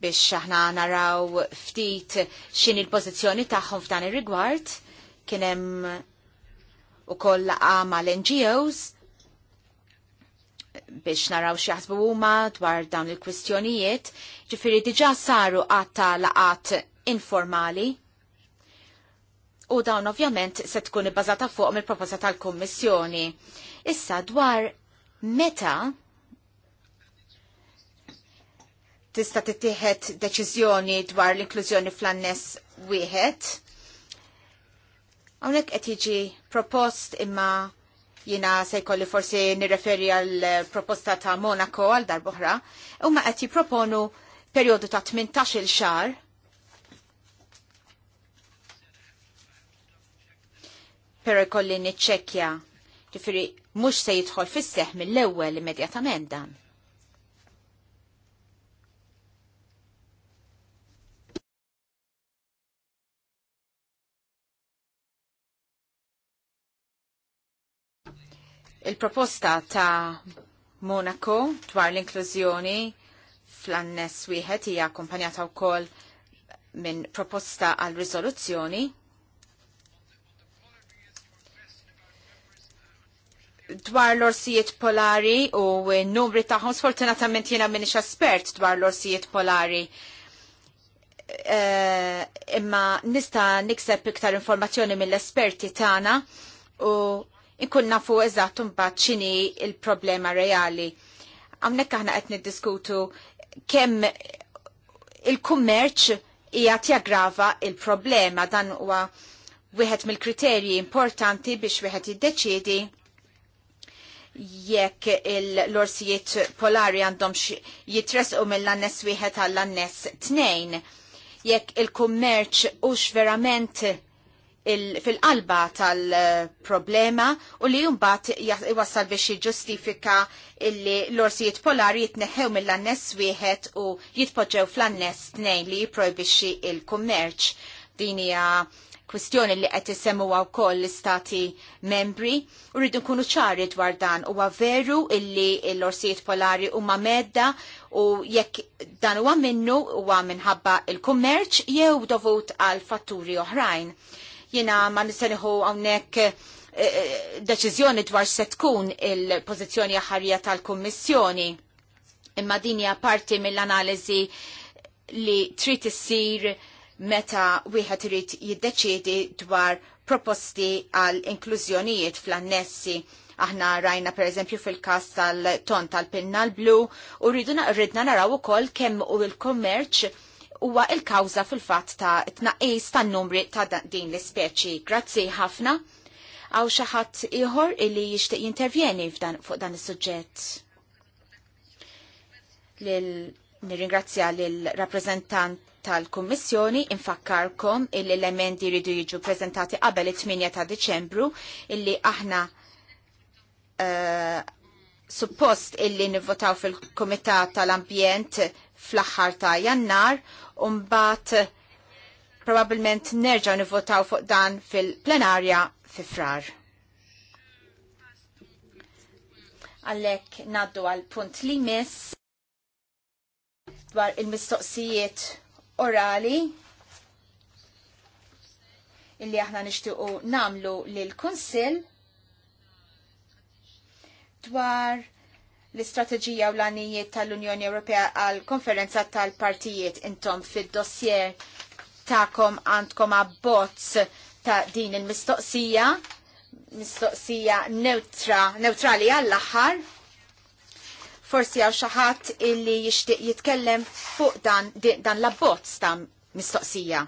biex aħna naraw ftit xin il pożizzjoni tagħhom f'dan ir-rigward kien hemm ukoll laqa mal-NGOs biex naraw xieħsbu huma dwar dawn il-kwistjonijiet, ġifiri diġa saru għatta laqat informali. U dawn ovvjament se tkun ibbażata fuq mill-proposta tal-Kummissjoni. Issa dwar meta tista' tittieħed deċiżjoni dwar l-inklużjoni fl-annes wieħed. Hawnhekk qed jiġi propost imma jina se jkolli forsi nirreferi għal proposta ta' Monaco għal darboħra, ma' qed jipproponu periodu ta' 18 xar pero jkolli niċċekkja ġifiri mux se jidħol fis-seħ mill-ewwel immedjatament dan. il-proposta ta' Monaco dwar l-inklużjoni fl-annes wieħed hija akkumpanjata wkoll minn proposta għal riżoluzzjoni dwar l-orsijiet polari u n-numri tagħhom sfortunatament jiena minix espert dwar l-orsijiet polari. Eh, imma nista nikseb iktar informazzjoni mill-esperti tagħna u inkun nafu eżatt mbagħad x'inhi il-problema reali. Hawnhekk aħna qed niddiskutu kemm il-kummerċ hija jaggrava il-problema dan huwa wieħed mill-kriterji importanti biex wieħed jiddeċiedi jekk l-orsijiet polari għandhom jitresqu mill-annes wieħed għall-annes tnejn. Jekk il-kummerċ hux verament fil-qalba tal-problema u li jumbat jwassal biex jġustifika illi l-orsijiet polari jitneħew mill-annes wieħed u jitpoġġew fl-annes tnejn li jiprojbixi il-kummerċ. Din hija kwistjoni li qed isemmu wkoll l-istati membri u rridu nkunu ċari dwar dan huwa veru illi l-orsijiet polari huma medda u jekk dan huwa minnu huwa minħabba il-kummerċ jew dovut għal fatturi oħrajn. Jina ma nistaniħu għawnek eh, eh, deċizjoni dwar se tkun il-pozizjoni ħarja tal-Kommissjoni. Imma din hija parti mill-analiżi li trid issir meta wieħed irid jiddeċiedi dwar proposti għal inklużjonijiet fl-annessi. Aħna rajna per eżempju fil-kas tal-ton tal-pinna l-blu u rridu rridna naraw ukoll kemm u l-kommerċ huwa il-kawża fil-fatt ta' tnaqqis tan-numri ta' din l-ispeċi. Grazzi ħafna għaw xaħat iħor illi jishtiq jintervjeni fuq dan is-suġġett. Nirringrazzja lill-rappreżentant tal-Kummissjoni infakkarkom illi l-emendi jridu jiġu prezentati qabel it-8 ta' Deċembru illi aħna eh, suppost illi nivvotaw fil-Komitat tal-Ambjent fl-aħħar ta' jannar u mbagħad eh, probabbilment nerġgħu nivvotaw fuq dan fil-plenarja fi frar. Għallek naddu għal punt li mis dwar il-mistoqsijiet orali illi aħna nixtiequ namlu lil kunsill dwar l-istrateġija u l-għanijiet tal-Unjoni Ewropea għal konferenza tal-partijiet intom fid-dossier ta'kom għandkom abbozz ta' din il-mistoqsija, mistoqsija neutra, neutrali għall-aħħar. Forsi għaw xaħat illi jishtiq jitkellem fuq dan, dan l-abbozz ta' mistoqsija.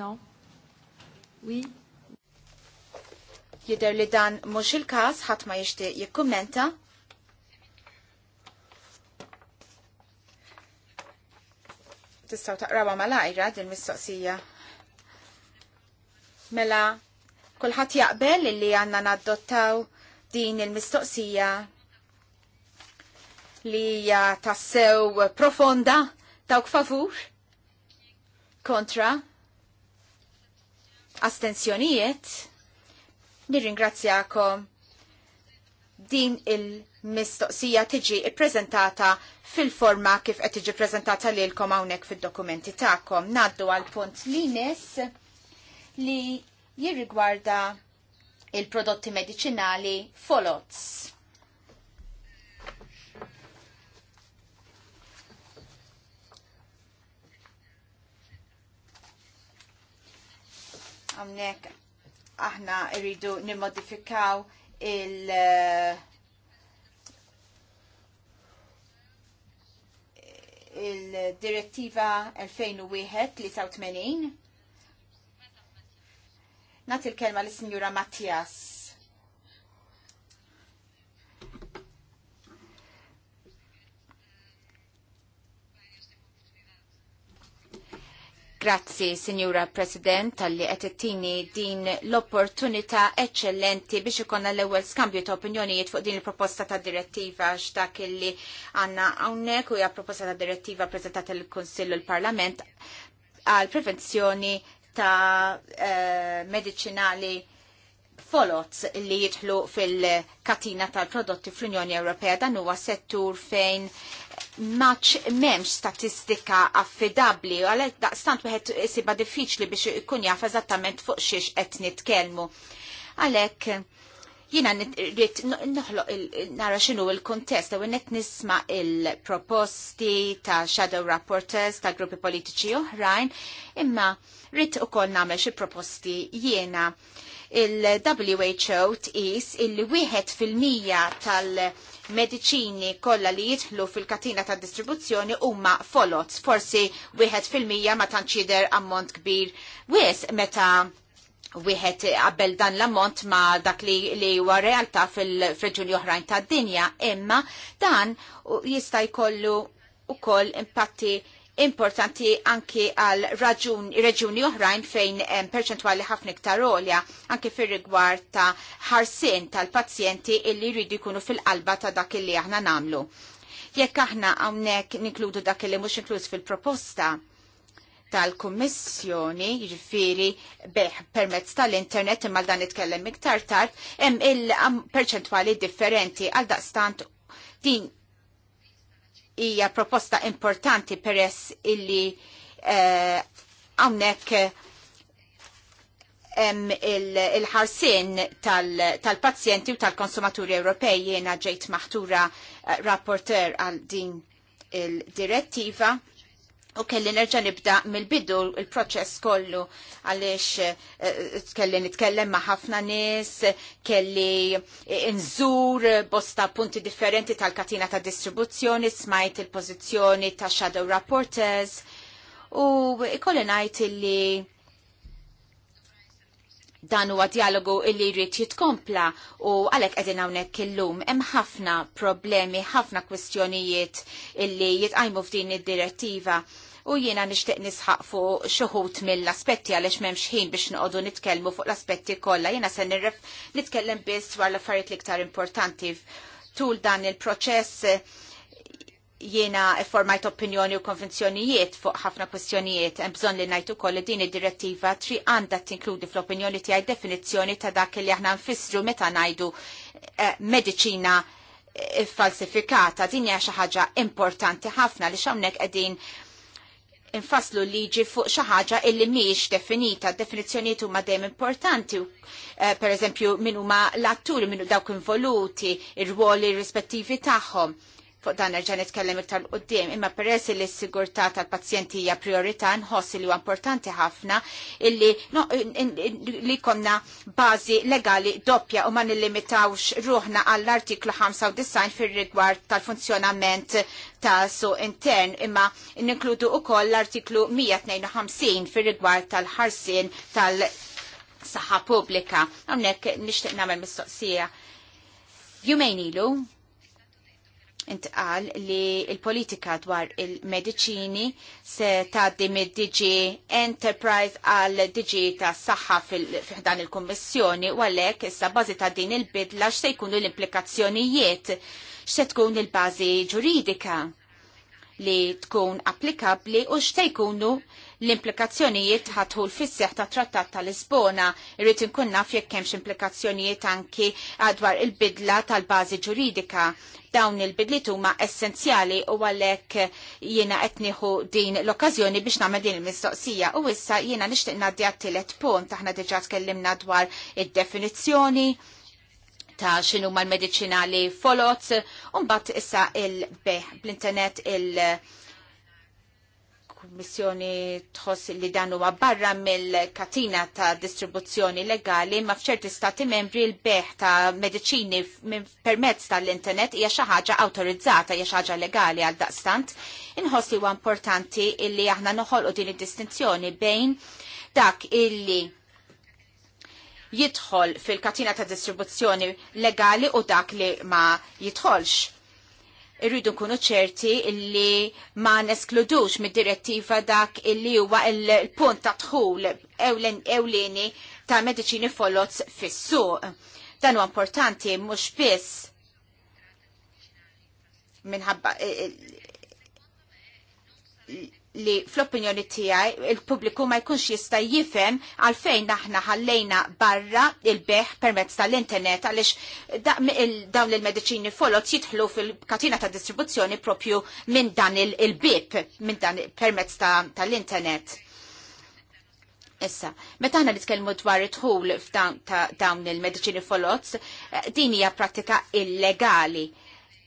No. Oui. Jider li dan mhux il-każ ħadd ma jixtieq jikkummenta. Tistgħu ma lajra din mistoqsija. Mela kulħadd jaqbel li għandna naddottaw din il-mistoqsija li hija tassew profonda dawk favur kontra astensjonijiet Nirringrazzjakom din il-mistoqsija tiġi ippreżentata fil-forma kif qed tiġi ppreżentata lilkom hawnhekk fid-dokumenti tagħkom. Naddu għal punt limes li jirrigwarda il-prodotti medicinali folots. Għamnek aħna rridu nimmodifikaw il- eh, il-direttiva 2001-83 Nat il-kelma l-Sinjura Mattias. Grazzi, Signora President, tal-li għetettini din l-opportunità eccellenti biex ikonna l-ewel skambju ta' opinjonijiet fuq din il-proposta ta' direttiva x'dak illi għanna għawnek u hija proposta ta' direttiva prezentat il konsillu l-Parlament għal prevenzjoni ta' eh, medicinali folots li jidħlu fil-katina tal-prodotti fl-Unjoni Ewropea dan huwa settur fejn maċ memx statistika affidabli, għalek daqstant wieħed siba diffiċli biex ikun jaf eżattament fuq xiex qed nitkellmu. Għalek jina rrit noħloq nara xinu il-kontest, u net nisma il-proposti ta' shadow rapporters ta' gruppi politiċi oħrajn, imma rrit u kol namel xie proposti jiena il-WHO t-is il mija tal- mediċini kollha li jidħlu fil-katina ta' distribuzzjoni huma folot, forsi wieħed fil-mija ma tantx jidher ammont kbir wies meta wieħed qabel dan l-ammont ma dak li, li huwa realtà fil-reġuni oħrajn tad-dinja, imma dan jista' jkollu ukoll impatti importanti anki għal raġuni oħrajn fejn perċentwali ħafna iktar olja, anki fir rigward ta' ħarsien tal-pazjenti illi jridu jkunu fil-qalba ta' dak illi aħna namlu. Jekk aħna hawnhekk ninkludu dak illi mhux inkluż fil-proposta tal-Kummissjoni, jiġifieri beħ permezz tal-internet imma dan itkellem iktar tard, hemm il-perċentwali differenti għal daqstant din hija proposta importanti peress illi eh, hawnhekk eh, hemm il-ħarsin il tal-pazjenti tal u tal-konsumaturi Ewropej jiena ġejt maħtura eh, rapporter għal din il-direttiva U kelli nerġa nibda mill-bidu il-proċess kollu għaliex eh, eh, kelli nitkellem ma' ħafna nies, kelli nżur bosta punti differenti tal-katina ta' distribuzzjoni, smajt il-pozizjoni ta' shadow rapporters u ikolli najt li Dan huwa dialogu illi jrid jitkompla u għalhekk qegħdin hawnhekk illum hemm ħafna problemi, ħafna kwistjonijiet illi jitqajmu f'din id-direttiva u jiena nixtieq nisħaq fuq xuħut mill-aspetti għaliex m'hemmx ħin biex noqogħdu nitkellmu fuq l-aspetti kollha. Jiena se nirref nitkellem biss dwar l-affarijiet l-iktar importanti tul dan il-proċess jiena formajt opinjoni u konvenzjonijiet fuq ħafna kwestjonijiet hemm bżonn li ngħid ukoll li din id-direttiva tri għandha tinkludi fl-opinjoni tiegħi definizzjoni ta' dak li aħna nfissru meta ngħidu eh, mediċina eh, falsifikata. Din hija xi ħaġa importanti ħafna li hawnhekk qegħdin infaslu liġi fuq xi ħaġa illi mhijiex definita, definizzjonijiet huma dejjem importanti, eh, pereżempju per eżempju min huma l-atturi minn dawk involuti, ir-ruoli rispettivi tagħhom fuq dan nerġa' nitkellem iktar qudiem, imma peress li s-sigurtà tal-pazjenti hija priorità nħoss li huwa importanti ħafna illi li konna bażi legali doppja u ma nillimitawx ruħna għall-artiklu 95 fir-rigward tal-funzjonament ta' su intern imma ninkludu ukoll l-artiklu 152 fir-rigward tal-ħarsin tal-saħħa pubblika. Hawnhekk nixtieq nagħmel mistoqsija. Jumejn ilu, intqal li il-politika dwar il-medicini se taddi mid dg Enterprise għal DG ta' saħħa fil-ħdan il-Kommissjoni u għalek issa bazi ta' din il-bidla x'se jkunu l-implikazzjonijiet x'se tkun il-bażi ġuridika li tkun applikabli u xtejkunu l-implikazzjonijiet ħatħul fis-seħ ta' trattat ta' Lisbona. Irrid inkun naf jekk hemmx implikazzjonijiet anki għadwar il-bidla tal-bażi ġuridika. Dawn il bidli huma essenzjali u għalhekk jiena qed nieħu din l-okkażjoni biex nagħmel din il-mistoqsija. U issa jiena nixtieq ngħaddi għat-tielet taħna aħna diġà tkellimna dwar id-definizzjoni ta' xinu mal medicinali folot, unbat issa il-beħ bl-internet il- kummissjoni tħoss li dan huwa barra mill-katina ta' distribuzzjoni legali ma' fċerti stati membri l-beħ ta' mediċini permezz tal-internet hija xi ħaġa awtorizzata, hija xi ħaġa legali għal daqstant. Inħoss li huwa importanti illi aħna noħolqu din id-distinzjoni bejn dak illi jidħol fil-katina ta' distribuzzjoni legali u dak li ma jidħolx. Irridu nkunu ċerti illi ma neskludux mid-direttiva dak illi huwa il-punt ta' tħul ewleni ta' mediċini folots fis-suq. Dan huwa importanti mhux biss minħabba eh, eh, li fl-opinjoni tiegħi il-pubbliku ma jkunx jista' jifhem għalfejn aħna ħallejna barra il-beħ permezz tal-internet għaliex dawn il-mediċini folot jidħlu fil-katina ta' distribuzzjoni propju minn dan il-bib minn dan permezz tal-internet. Issa, meta għanna nitkellmu dwar it-ħul f'dawn il-mediċini folot, eh, din hija prattika illegali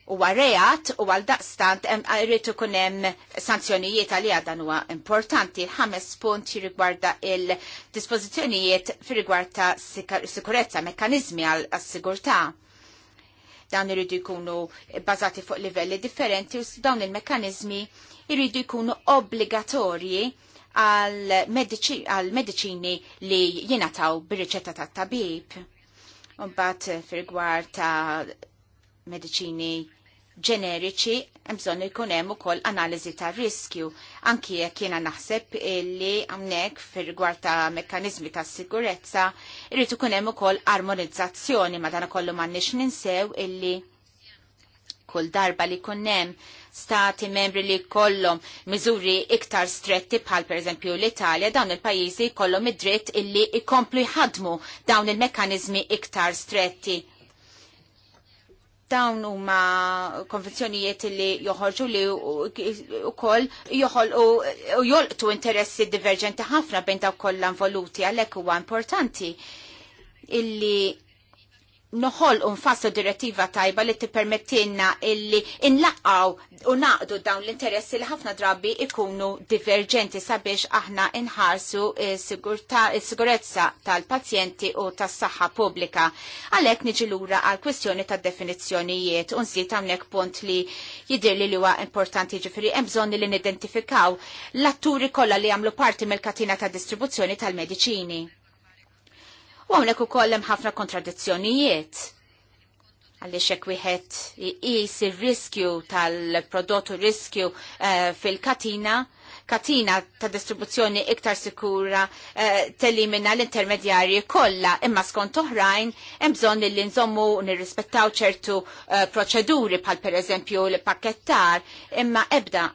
u għarrejat u għal daqstant rritu kunem sanzjonijiet għal dan huwa importanti. Ħames punt jirigwarda il-dispozizjonijiet fir rigwarda ta' sikurezza, mekkanizmi għal sigurtà Dan irridu jkunu bazati fuq livelli differenti u dawn il-mekkanizmi irridu jkunu obbligatorji għal mediċini li jinataw bir-riċetta tat-tabib. Umbat fir-rigward ta' mediċini ġeneriċi bżonn ikun hemm ukoll analiżi ta' riskju. Anki jekk jiena naħseb li hawnhekk fir-rigward ta' mekkaniżmi ta' sigurezza irid ikun hemm ukoll armonizzazzjoni madankollu m'għandniex ninsew illi kull darba li jkun hemm stati membri li kollom miżuri iktar stretti bħal per eżempju l-Italja, dawn il-pajizi kollom id-dritt illi ikomplu jħadmu dawn il-mekkanizmi iktar stretti dawn huma konvenzjonijiet li joħorġu li wkoll joħol u jolqtu interessi diverġenti ħafna bejn dawk kollha involuti għalhekk huwa importanti illi noħol unfassu direttiva tajba li tippermettilna illi inlaqaw u naqdu dawn l-interessi li ħafna drabi ikunu divergenti sabiex aħna inħarsu il sigurezza tal-pazjenti u tas-saħħa pubblika. Għalhekk niġi lura għal kwistjoni tad definizzjonijiet u nżid hawnhekk punt li jidir li huwa importanti ġifieri hemm bżonn li nidentifikaw l-atturi kollha li jagħmlu parti mill-katina ta' distribuzzjoni tal-mediċini U għonek u kollem ħafna kontradizzjonijiet. Għalli xek wieħed jis il-riskju tal-prodott u riskju eh, fil-katina, katina ta' distribuzzjoni iktar sikura uh, telimina l-intermedjarji kollha imma skont oħrajn hemm bżonn li nżommu nirrispettaw ċertu eh, proċeduri proċeduri per pereżempju l-pakkettar imma ebda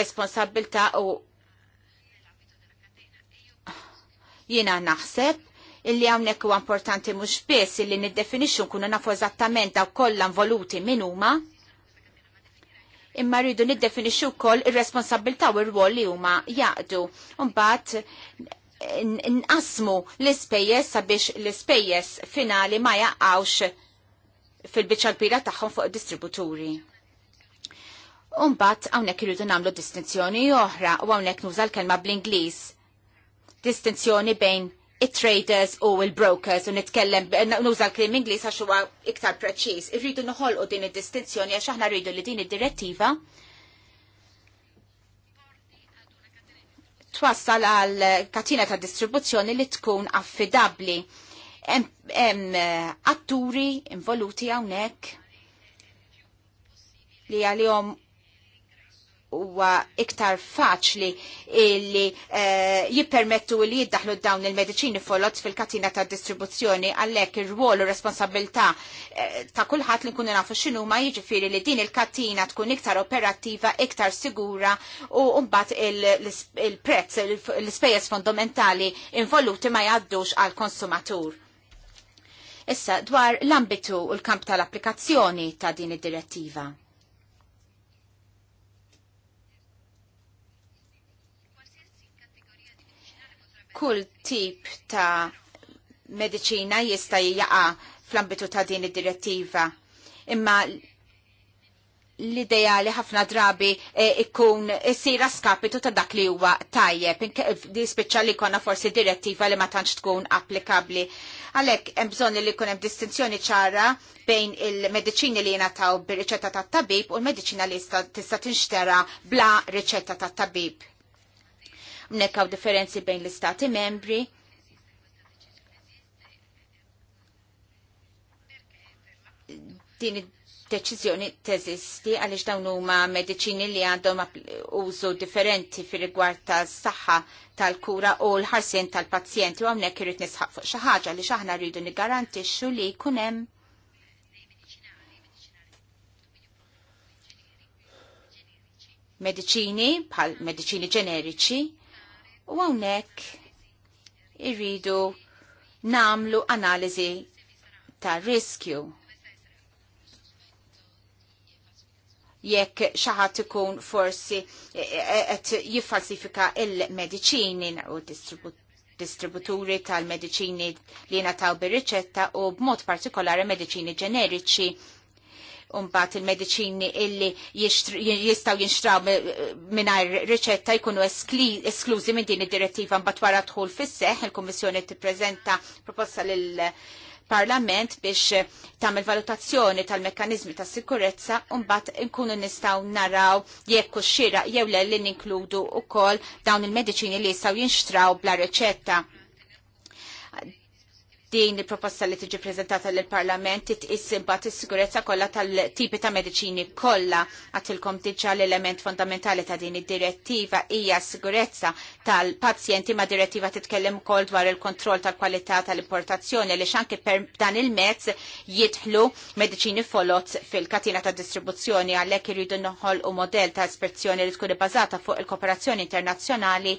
responsabilta u Jiena naħseb illi hawnhekk huwa importanti mhux biss illi niddefinixxu kunu nafu eżattament daw kollan voluti min huma, imma rridu niddefinixxu wkoll ir responsabilta u r-rwol li huma jaqdu. Mbagħad nqasmu l-ispejjeż sabiex l-ispejjeż finali ma jaqgħux fil-biċċa l-bira tagħhom fuq distributuri. Umbat hawnhekk irridu nagħmlu distinzjoni oħra u hawnhekk nuża l-kelma bl-Ingliż distinzjoni bejn it-traders u il-brokers u nitkellem nuża l-klim Ingliż għax huwa iktar preċiż. Irridu noħolqu din id-distinzjoni għax aħna rridu li din id-direttiva twassal għal katina ta' distribuzzjoni li tkun affidabli. Hemm atturi involuti hawnhekk li għalihom huwa iktar faċli li eh, jippermettu li jiddaħlu dawn il-medicini folot fil-katina ta' distribuzzjoni għallek ir ruol u responsabilta eh, ta' kulħadd li nkunu nafu x'inhu ma jiġifieri li din il-katina tkun iktar operattiva, iktar sigura u mbagħad il-prezz, il l-ispejjeż fondamentali involuti ma jgħaddux għall konsumatur Issa dwar l-ambitu u l-kamp tal-applikazzjoni ta' din id-direttiva. kull tip ta' medicina jista' jaqa' fl-ambitu ta' din id-direttiva. Imma l idea li ħafna drabi eh, ikkun sira skapitu ta' dak li huwa tajjeb, di speċa li konna forsi direttiva li ma tantx tkun applikabli. Għalek, hemm bżonn li jkun hemm distinzjoni ċara bejn il-mediċini li jingħataw bir-riċetta tat-tabib u l-mediċina li tista' tinxtera bla riċetta tat-tabib mnekaw differenzi bejn l-istati membri. Din deċiżjoni teżisti għaliex dawn huma mediċini li għandhom użu differenti fir rigward tas-saħħa tal-kura u l-ħarsien tal-pazjenti u hawnhekk irid nisħaq fuq xi ħaġa li aħna rridu niggarantixxu li jkun hemm mediċini bħal mediċini ġeneriċi U għonek irridu namlu analizi ta' riskju. Jekk xaħat ikun forsi qed e, e, jiffalsifika il-mediċini u distributuri tal-mediċini li nataw bi u b'mod partikolari mediċini ġeneriċi Umbat il-medicini illi jistaw jinxtraw minar riċetta jkunu esklużi minn din id-direttiva mbagħad wara dħul fis il il-Kummissjoni tippreżenta proposta lill parlament biex tagħmel valutazzjoni tal-mekkanizmi ta' sikurezza mbagħad nkunu nistgħu naraw jekk xira jew le li ninkludu wkoll dawn il-mediċini li jistgħu jinxtraw bla riċetta din il-proposta li tiġi prezentata l-Parlament titqis imbagħad is-sigurezza kollha tal-tipi ta' mediċini kollha għatilkom diġà l-element fondamentali ta' din id-direttiva hija s-sigurezza tal-pazjenti ma' direttiva titkellem ukoll dwar il-kontroll tal-kwalità tal-importazzjoni li xanki per dan il-mezz jidħlu mediċini folot fil-katina ta' distribuzzjoni għalhekk iridu noħol u modell ta' ispezzjoni li tkun ibbażata fuq il-kooperazzjoni internazzjonali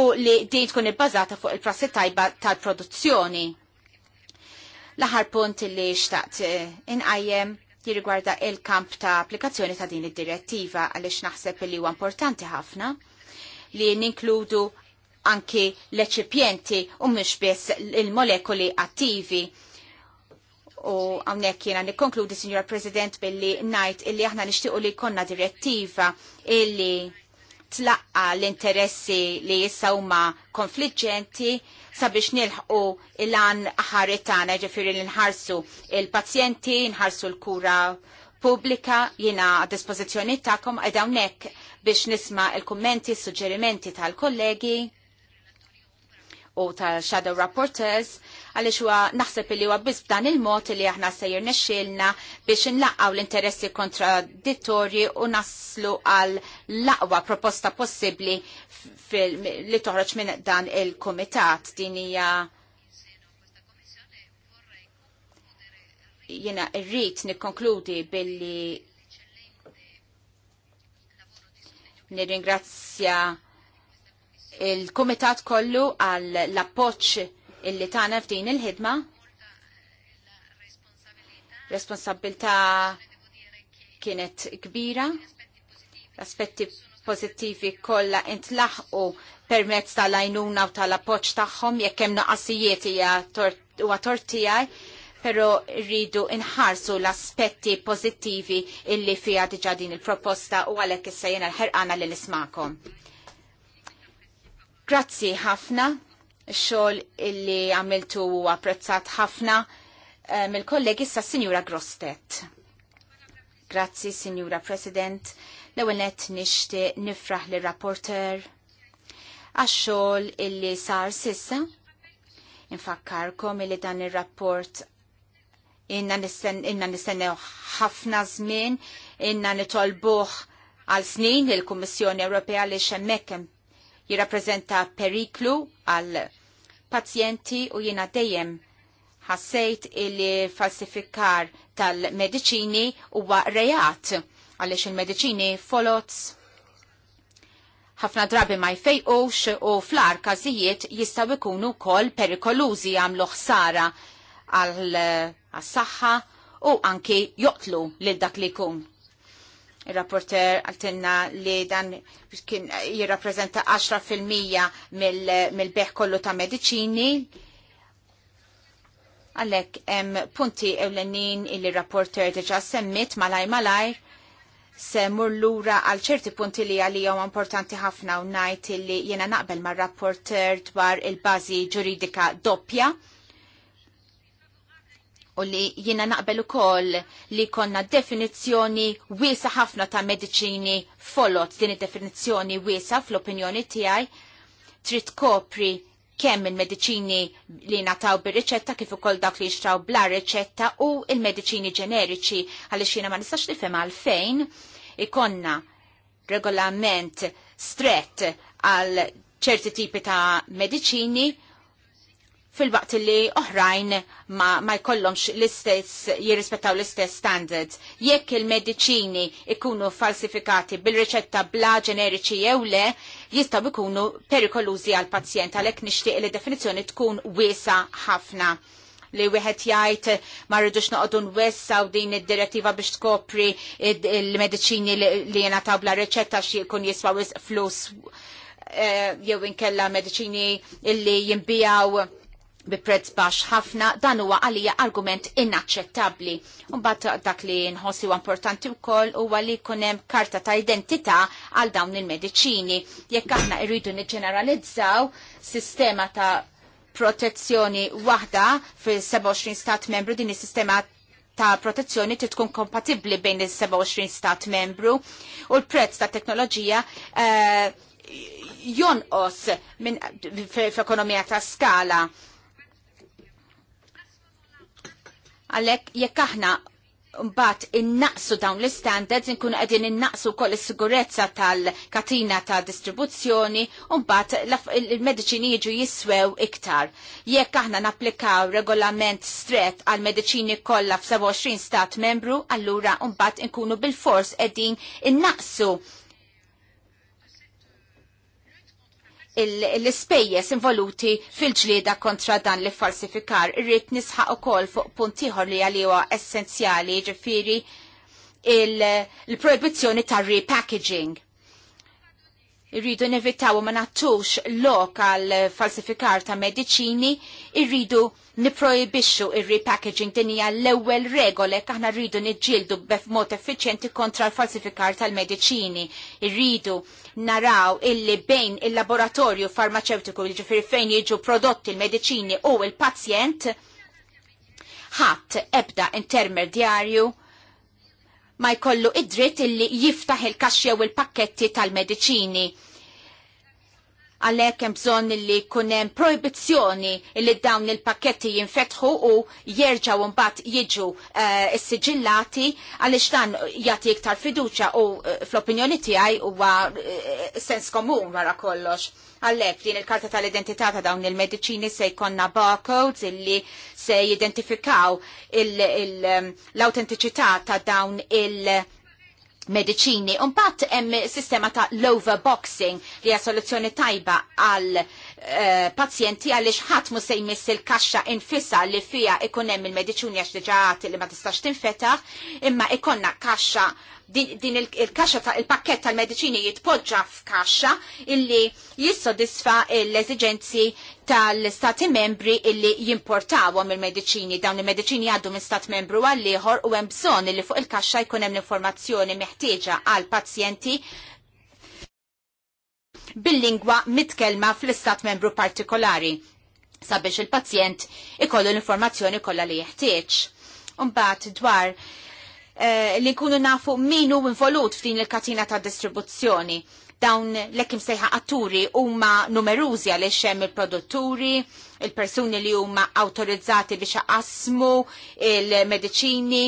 u li din tkun ibbażata fuq il-prassi tajba tal-produzzjoni. L-aħar punt li xtaqt eh, inqajjem jirrigwarda il-kamp ta' applikazzjoni ta' din id-direttiva għaliex naħseb li huwa importanti ħafna li ninkludu anki l-eċipjenti u mhux biss il molekuli attivi u għamnek jena nikkonkludi, Signora President, billi najt illi aħna nishtiqu li konna direttiva illi tlaqqa l-interessi li jissa huma konfliġġenti sabiex nilħqu il-għan ħaritana tagħna l-inħarsu il-pazjenti, li nħarsu il-pazjenti, nħarsu l-kura pubblika jina a dispożizzjoni tagħkom għedawnek biex nisma' il-kummenti, suġġerimenti tal-kollegi u tal-Shadow Rapporteurs għaliex huwa naħseb li huwa biss b'dan il-mod li aħna sejjer nexxielna biex inlaqgħu l-interessi kontradittorji u naslu għal l-aqwa proposta possibbli li toħroġ minn dan il-kumitat din hija Jiena irrit nikkonkludi billi nirringrazzja il-Kumitat kollu għal l-appoċ illi tana f'din il-ħidma. Responsabilta kienet kbira, l-aspetti pozittivi kolla intlaħqu permezz tal ajnuna u tal-appoċ tagħhom jekk hemm noqasijiet huwa tortijaj, però rridu inħarsu l-aspetti pozittivi illi fija diġa din il-proposta u għalhekk issa jiena l-ħerqana li nismakom. Grazzi ħafna, xol illi għamiltu u apprezzat ħafna eh, mill-kollegi sa' Signora Grostet. Grazzi, Signora President, l-ewenet nishti nifraħ li rapporter għaxxol illi sar sissa. Infakkarkom illi dan il-rapport inna nistennew ħafna żmien, inna nitolbuh għal snin il-Kummissjoni Ewropea li xemmekem hemm jirrappreżenta periklu għal pazjenti u jiena dejjem ħassejt il-falsifikar tal-medicini huwa rejat għaliex il-medicini folots ħafna drabi ma jfejqux u fl-ar każijiet jistgħu jkunu wkoll perikolużi għamlu ħsara għal saxħa u anki joqtlu lil dak li jkun. Il-rapporter għaltinna li dan kien jirrapprezenta 10% mill-beħ kollu ta' mediċini. Għalek, punti ewlenin il-rapporter diġa semmit malaj malaj se lura għal ċerti punti li jom importanti ħafna u najt li jena naqbel ma' rapporter dwar il-bazi ġuridika doppja u li jina naqbel u kol li konna definizjoni wiesa ħafna ta' medicini folot din definizjoni wiesa fl-opinjoni tijaj trid kopri kemm il-medicini li nataw bil riċetta kif ukoll dak li jixtraw bla riċetta u il-medicini ġeneriċi għaliex jiena ma nistax nifhem għalfejn ikonna regolament strett għal ċerti tipi ta' medicini fil-waqt li oħrajn ma, ma jkollomx l-istess, jirrispettaw l-istess standards. Jekk il-medicini ikunu falsifikati bil-riċetta bla ġeneriċi jew le, jistaw ikunu perikolużi għal pazjent għalhekk nixtieq li definizzjoni tkun wiesa ħafna li wieħed jgħid ma rridux noqogħdu nwessaw din id-direttiva biex tkopri il-mediċini li taw bla riċetta xi jkun jiswa flus eh, jew inkella mediċini illi jinbijaw bi prezz baxx ħafna dan huwa għalija argument inaċċettabbli. Mbagħad dak li nħossi huwa importanti wkoll huwa li jkun hemm karta ta' identità għal dawn il-mediċini. Jekk aħna rridu niġġeneralizzaw sistema ta' protezzjoni waħda fil-27 stat membru din is-sistema ta' protezzjoni ti tkun kompatibbli bejn il-27 stat membru u l-prezz ta' teknoloġija jonqos f'ekonomija ta' skala Għalek, jekk aħna mbagħad innaqsu dawn l istandards inkunu qegħdin innaqsu wkoll is-sigurezza tal-katina ta' distribuzzjoni u mbagħad il-mediċini jiġu jiswew iktar. Jekk aħna napplikaw regolament strett għal mediċini kollha f'27 stat membru, allura mbagħad inkunu bil-fors qegħdin innaqsu l spejjes involuti fil-ġlieda kontra dan li falsifikar. Irrit nisħaq ukoll fuq puntiħor li għaliwa essenzjali ġifiri il-proibizjoni tar repackaging irridu nevitaw ma nattux lok għal falsifikar ta' mediċini, irridu niprojibixxu il repackaging din hija l-ewwel regole aħna rridu niġġieldu b'mod effiċjenti kontra l-falsifikar tal-mediċini. Irridu naraw illi bejn il-laboratorju farmaceutiku jiġifieri fejn jiġu prodotti l-mediċini u l-pazjent ħadd ebda intermedjarju ma jkollu id-dritt illi jiftaħ il-kaxxja u l-pakketti tal-mediċini. Għalhekk hemm bżonn illi jkun hemm proibizzjoni illi dawn il-pakketti jinfetħu u jerġgħu mbagħad jiġu eh, s-siġillati għaliex dan jagħti iktar fiduċja u eh, fl-opinjoni tiegħi huwa eh, sens komun wara kollox Għallek din il-karta tal-identità ta' dawn il-medicini se jkonna barcodes illi se jidentifikaw l um, autenticità ta' dawn il- medicini. Unbat hemm sistema ta' l-overboxing li hija soluzzjoni tajba għal Eh, pazjenti għaliex ħadd mu se jmiss il-kaxxa infissa li fija ikun hemm il-mediċuni għax diġà li ma tistax tinfetaħ, imma ikonna kaxxa din il-kaxxa ta' il-pakket tal-mediċini jitpoġġa f'kaxxa illi jissodisfa l eziġenzi tal-stati membri illi jimportawhom il-mediċini. Dawn il-mediċini għaddu minn stat membru għalliħor u hemm bżonn li fuq il-kaxxa jkun hemm l-informazzjoni meħtieġa għal pazjenti bil-lingwa mitkelma fl-istat membru partikolari sabiex il-pazjent ikollu l-informazzjoni kollha li jeħtieġ. Umbagħad dwar eh, li nkunu nafu min hu involut f'din il-katina ta' distribuzzjoni. Dawn l-ekim sejħa atturi huma numerużi għaliex hemm il-produtturi, il-persuni li huma awtorizzati biex jaqasmu il-mediċini,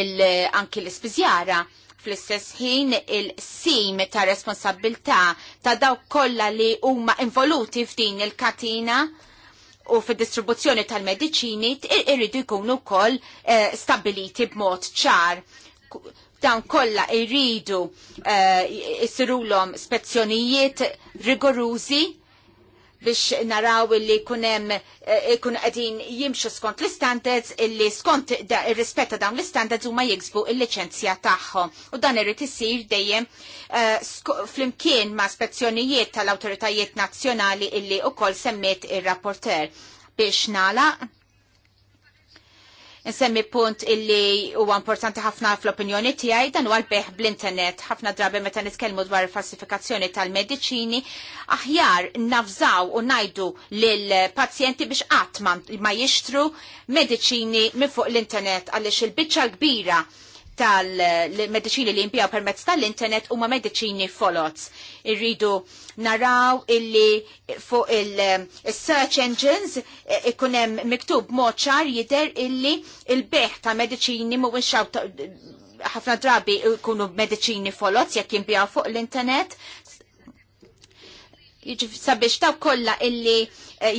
il anki l-ispiżjara fl-istess ħin il-sim ta' responsabilità ta' dawk kollha li huma involuti f'din il-katina u fid-distribuzzjoni tal-mediċini irridu jkunu wkoll eh, stabiliti b'mod ċar dawn kollha jridu eh, spezzjonijiet rigorużi biex naraw li kunem eh, kun għedin jimxu skont l-standards illi skont rispetta dawn l-standards huma jiksbu il-licenzja tagħhom. U dan irrit jisir dejjem eh, flimkien ma' spezzjonijiet tal-awtoritajiet nazzjonali illi kol semmet ir-rapporter biex nala Nsemmi punt illi huwa importanti ħafna fl-opinjoni tiegħi dan huwa l-beħ bl-internet. Ħafna drabi meta nitkellmu dwar il-falsifikazzjoni tal-mediċini, aħjar nafżaw u najdu lill pazjenti biex qatt ma jixtru mediċini minn fuq l-internet għaliex il-biċċa kbira tal-medicini li jimpjaw permezz tal-internet huma medicini folots. Irridu naraw illi fuq il-search eh, engines eh, ikunem miktub moċar jider illi il-beħ ta' medicini mu ħafna drabi kunu medicini folots jekk jimbijaw fuq l-internet sabiex daw kolla illi eh,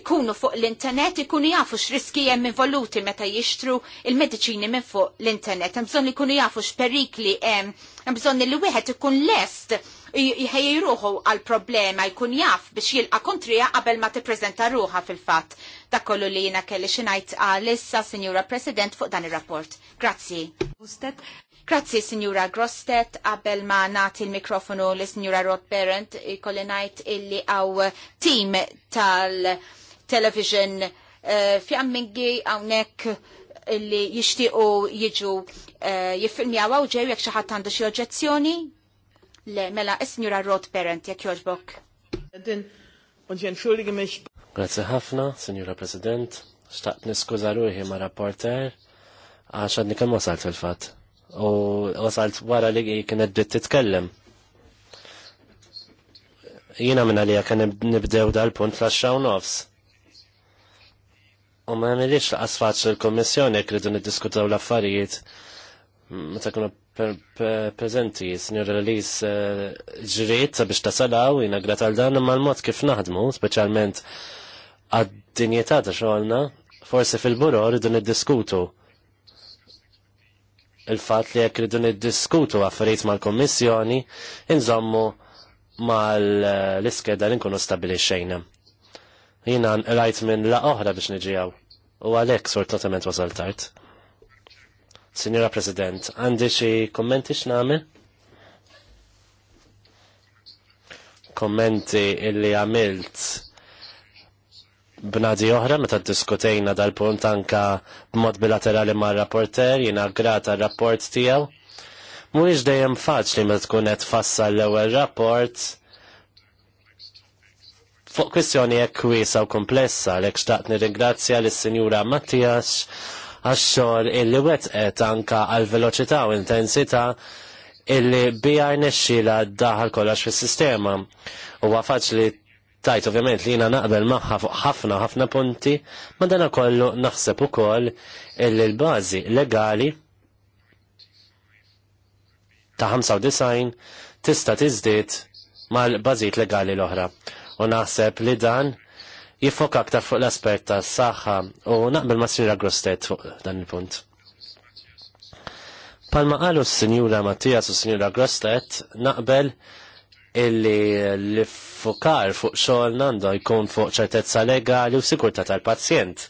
jkunu eh, fuq l-internet ikunu jafu x-riski jem involuti meta jixtru il-medicini minn fuq l-internet. Mbżon li ikunu jafu x-perikli jem, mbżon li wieħed ikun lest jħejruħu għal-problema jkun jaf biex jilqa kontrija qabel ma t-prezenta ruħa fil-fat. Da kollu li jina kelli xinajt għal-issa, Signora President, fuq dan il-rapport. Grazzi. Grazzi, Signora Grostet, Abel ma nati l mikrofonu li Signora Rodberent, ikolli ngħid illi għaw tim tal-television uh, eh, fjammingi hawnhekk illi jixtiequ jiġu uh, eh, jiffilmjaw għaw ġew jekk xi ħadd għandu xi oġġezzjoni? Le, mela, Signora Rodberent, jekk jogħġbok. Grazie ħafna, Signora President. Xtaqt niskuża ruħi ma' rapporter għax għadni kemm wasalt fil-fatt u għasalt wara li kienet bdiet titkellem. Jiena minna li għakan nibdew dal-punt la axxaw nofs. U ma għamilix laqas l-Komissjoni kommissjoni kridu niddiskutaw l-affarijiet meta kunu prezenti, signor Elis eh, ġriet biex tasalaw, jina grat għal dan imma l-mod kif naħdmu, speċjalment għad-dinjetà ta' xogħolna, forsi fil-buro rridu niddiskutu il-fat li jekk ridu niddiskutu affarijiet mal-Kommissjoni, inżommu mal-iskeda li nkunu stabili xejna. Jina rajt minn la oħra biex nġijaw U għalek sur totament wasaltart. tard. Signora President, għandi xi kommenti xnami? Kommenti illi għamilt b'nadi oħra meta ddiskutejna dal-punt anka b'mod bilaterali ma' rapporter jiena grata rapport tiegħu. Mhuwiex dejjem faċli meta tkun qed tfassal l-ewwel rapport fuq kwistjoni hekk kwiesa u komplessa għalhekk xtaqt nirringrazzja lis-Sinjura Mattias għax-xogħol illi wetqet anka għal veloċità u intensità illi bija d daħal kollox fis-sistema. Huwa faċli tajt ovvjament li jina naqbel maħħa fuq ħafna ħafna punti, ma dana kollu naħseb ukoll illi l-bażi legali ta' 95 tista' tiżdied mal-bażijiet legali l-oħra. U naħseb li dan jiffoka aktar fuq l-aspett tas saħħa u naqbel ma' Sira Grostet fuq dan il-punt. Palma qalu s-Sinjura Mattias u s-Sinjura Grostet naqbel illi l-fukar fuq xogħol nando jkun fuq ċertezza legali u sikurta tal-pazjent.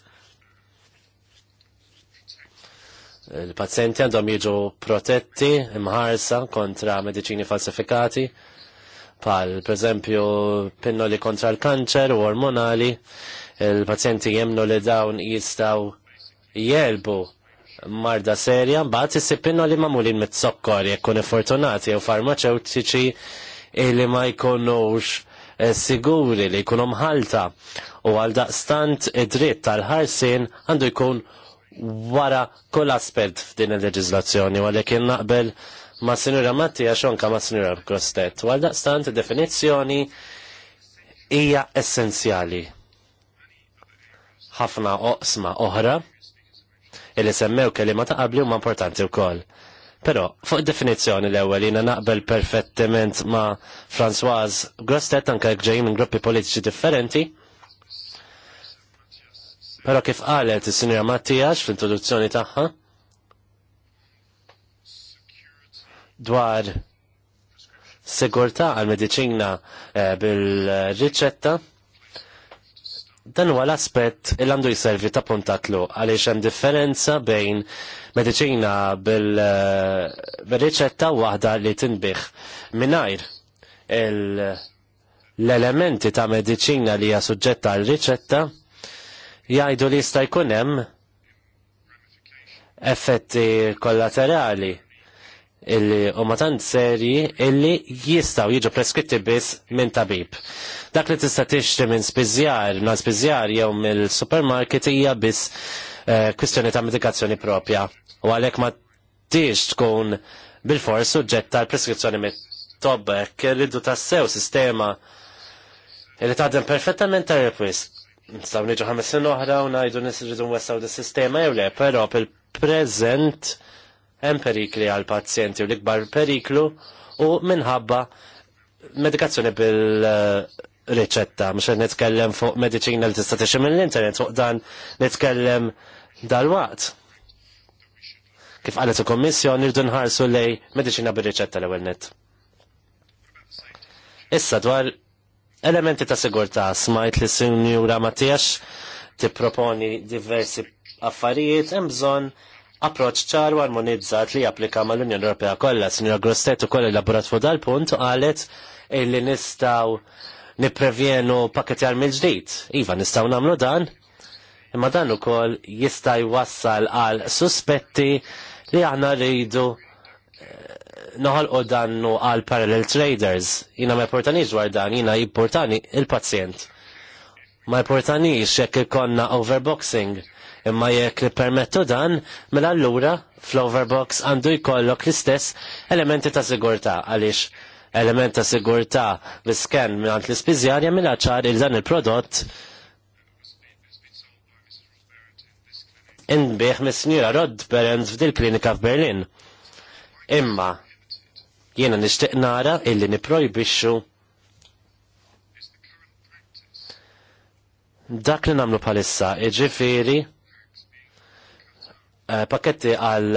Il-pazjenti għandhom jiġu protetti, imħarsa kontra mediċini falsifikati, pal per eżempju pinnoli kontra l-kanċer u ormonali, il-pazjenti jemnu li dawn jistaw jelbu marda serja, mbagħad jissi pinnoli mamulin mit-sokkor jekk kun fortunati u farmaceutiċi illi ma jkunux eh, siguri li jkunu mħalta u għal daqstant id-dritt tal-ħarsin għandu jkun wara kull aspett f'din il-leġizlazzjoni għalek naqbel ma' Sinjura Matti għax anke ma' Sinjura Grostet. Għal daqstant id-definizzjoni hija essenzjali. Ħafna oqsma oħra illi semmew kelima ta' qabli huma importanti wkoll. Pero, fuq definizjoni l-ewel, jina naqbel perfettiment ma Françoise Grostet, anka ġejjin minn gruppi politiċi differenti. Pero kif qalet is-sinjora Mattijax fl-introduzzjoni tagħha dwar sigurta għal-mediċina eh, bil-riċetta, dan huwa l-aspett il għandu jiservi ta' puntatlu għaliex hemm differenza bejn mediċina bil-riċetta eh, waħda li tinbiħ minajr l-elementi ta' mediċina li hija suġġetta għal riċetta jgħidu li jista' jkun hemm effetti kollaterali illi huma tant serji illi jistgħu jiġu preskritti biss minn tabib. Dak li tista' tixtri minn spiżjar, na spiżjar jew mill-supermarket hija biss Eh, kwistjoni ta' medikazzjoni propja u għalhekk ma tix tkun bil-fors suġġett tal-preskrizzjoni mit-tobbek rridu tassew sistema li taħdem perfettament ta' requist. Nistaw niġu ħames oħra u najdu nisridu nwessaw di sistema jew le, però bil-preżent hemm perikli għal pazjenti u l-ikbar periklu u minħabba medikazzjoni bil- riċetta, mux nitkellem fuq medicina li tista' minn mill-internet, fuq dan nitkellem Dal-waqt, kif għalet il-Kommissjoni nirdu nħarsu lej medicina bir-riċetta l-ewwel net. Issa dwar elementi ta' sigurtà smajt li Sinjura ti tipproponi diversi affarijiet hemm bżonn approċ ċar u armonizzat li japplika mal unjoni Ewropea kollha. Sinjura Grostet ukoll laburat fuq dal-punt u qalet illi nistgħu nipprevjenu pakketjar mill-ġdid. Iva nistgħu nagħmlu dan, imma dan ukoll jista' jwassal għal suspetti li aħna rridu eh, noħolqu dannu għal parallel traders. Jina ma jportanix dwar dan, jina jipportani il-pazjent. Ma jportanix jekk ikonna overboxing. Imma jekk permettu dan, mela allura fl-overbox għandu jkollok l-istess elementi ta' sigurta għaliex elementi ta' sigurta bisken minn l-ispizjarja mela ċar il-dan il-prodott inbih mis-snira Rod Berens f'dil klinika f'Berlin. Imma jiena nixtieq nara illi niprojbixxu dak li namlu palissa, iġifiri, eh, paketti għal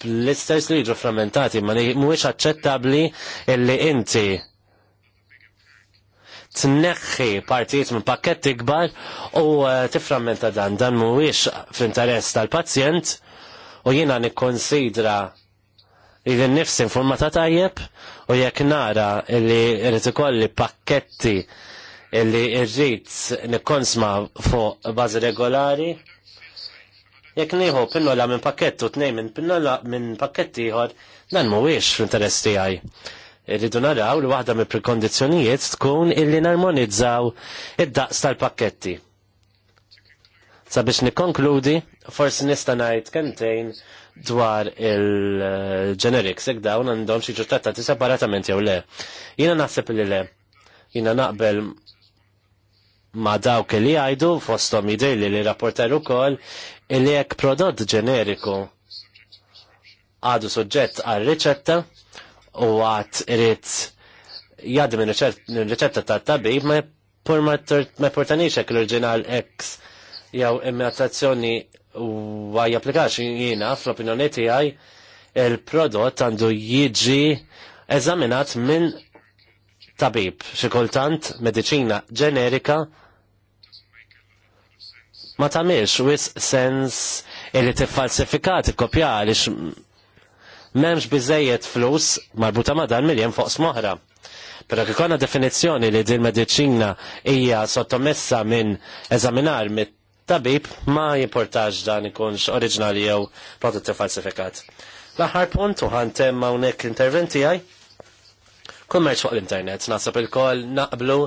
blisters eh, li ġu frammentati, ma mhuwiex aċċettabbli illi inti tneħħi partijiet minn pakketti kbar u eh, tiframmenta dan dan mhuwiex fl-interess tal-pazjent u jiena nikkonsidra li nnifsi nifs informata tajjeb u jekk nara li rrid ikolli pakketti li rrid nikkonsma fuq bażi regolari jekk nieħu pinnola minn pakkett u tnejn minn pinnola minn pakketti ieħor dan mhuwiex fl-interess tiegħi Irridu naraw li waħda mill prekondizzjonijiet tkun illi narmonizzaw id-daqs tal-pakketti. Sabiex nikkonkludi, forsi nista' ngħid kentejn dwar il-generics, jek dawn għandhom xi ġurtattati separatament jew le. Jiena naħseb li le. Jiena naqbel ma dawk li għajdu fostom idej li rapporter ukoll li jekk prodott ġeneriku għadu suġġett għal riċetta u għat irrit jaddim minn reċetta ta' tabib ma pur ma portanix ek l-original X jew imitazzjoni u għaj applikax jina fl-opinjoni għaj il-prodott għandu jiġi eżaminat minn tabib, xikultant medicina ġenerika ma tamiex wis sens illi tiffalsifikat, kopjali memx bizzejiet flus marbuta ma dan miljen fuq smoħra. Pero kikona definizjoni li din medicina hija sottomessa minn eżaminar mit tabib ma jimportax dan ikunx oriġinali jew prodotti falsifikat. L-aħħar punt uħan temma unek interventi għaj. Kummerċ fuq l-internet, nasab il-kol naqblu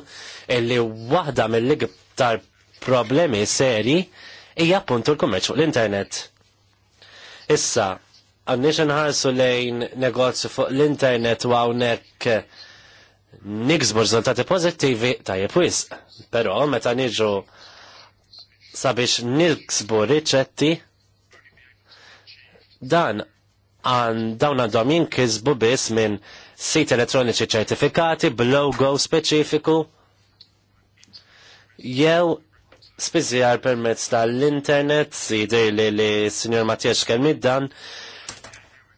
illi wahda mill-iktar problemi seri hija appuntu l-kummerċ fuq l-internet. Issa, għannix nħarsu lejn negozju fuq l-internet u għawnek niksbu rizultati pozittivi ta' wisq. Pero meta niġu sabiex niksbu riċetti dan għan dawn għandhom jinkisbu biss minn sit elettroniċi ċertifikati b'logo speċifiku jew spiżjar permezz tal-internet, sidi li li Sinjor Matjax kelmid dan,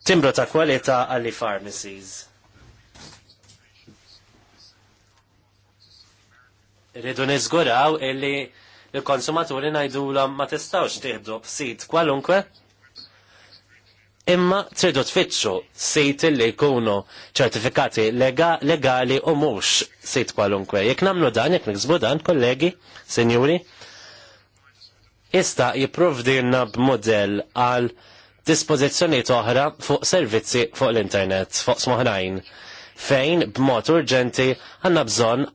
timbru ta' kwalità għalli pharmacies. Rridu niżguraw illi il-konsumaturi ngħidulhom ma tistgħux tiħdu b'sit kwalunkwe imma tridu tfittxu sit li jkunu ċertifikati lega, legali u mhux sit kwalunkwe. Jek nagħmlu dan, jekk niksbu dan, kollegi, sinjuri, ista jipprovdilna b'modell għal dispożizzjonijiet oħra fuq servizzi fuq l-internet, fuq smoħrajn, fejn b'mod urġenti għandna bżonn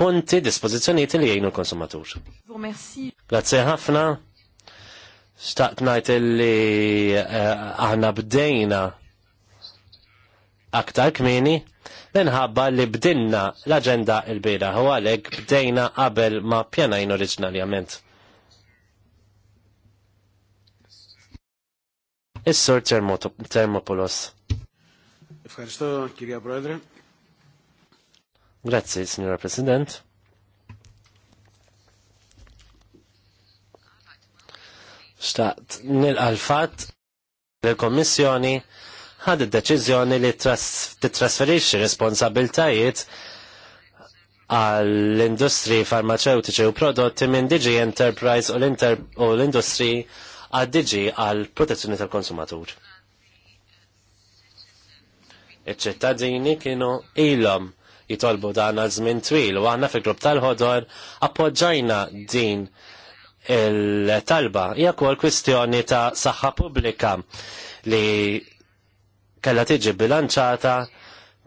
punti dispożizzjonijiet li jgħinu l-konsumatur. Grazie ħafna. Staqt najt li eh, aħna bdejna aktar kmini, minħabba li bdinna l-agenda il-bira, u għalek bdejna qabel ma pjanajn oriġinarjament. Is-Sur Termopolos. Ευχαριστώ, κυρία Πρόεδρε. Grazie, signora President. Xtaqt nil-għalfat l-Komissjoni ħad id-deċizjoni li titrasferixxi responsabiltajiet għall-industri farmaceutiċi u prodotti minn DG Enterprise u l-industri għaddiġi diġi għal protezzjoni tal-konsumatur. Iċ-ċittadini kienu ilhom jitolbu dan għal żmien twil u aħna fil-grupp tal-ħodor appoġġajna din il-talba. Hija kol kwistjoni ta' saħħa pubblika li kellha tiġi bilanċata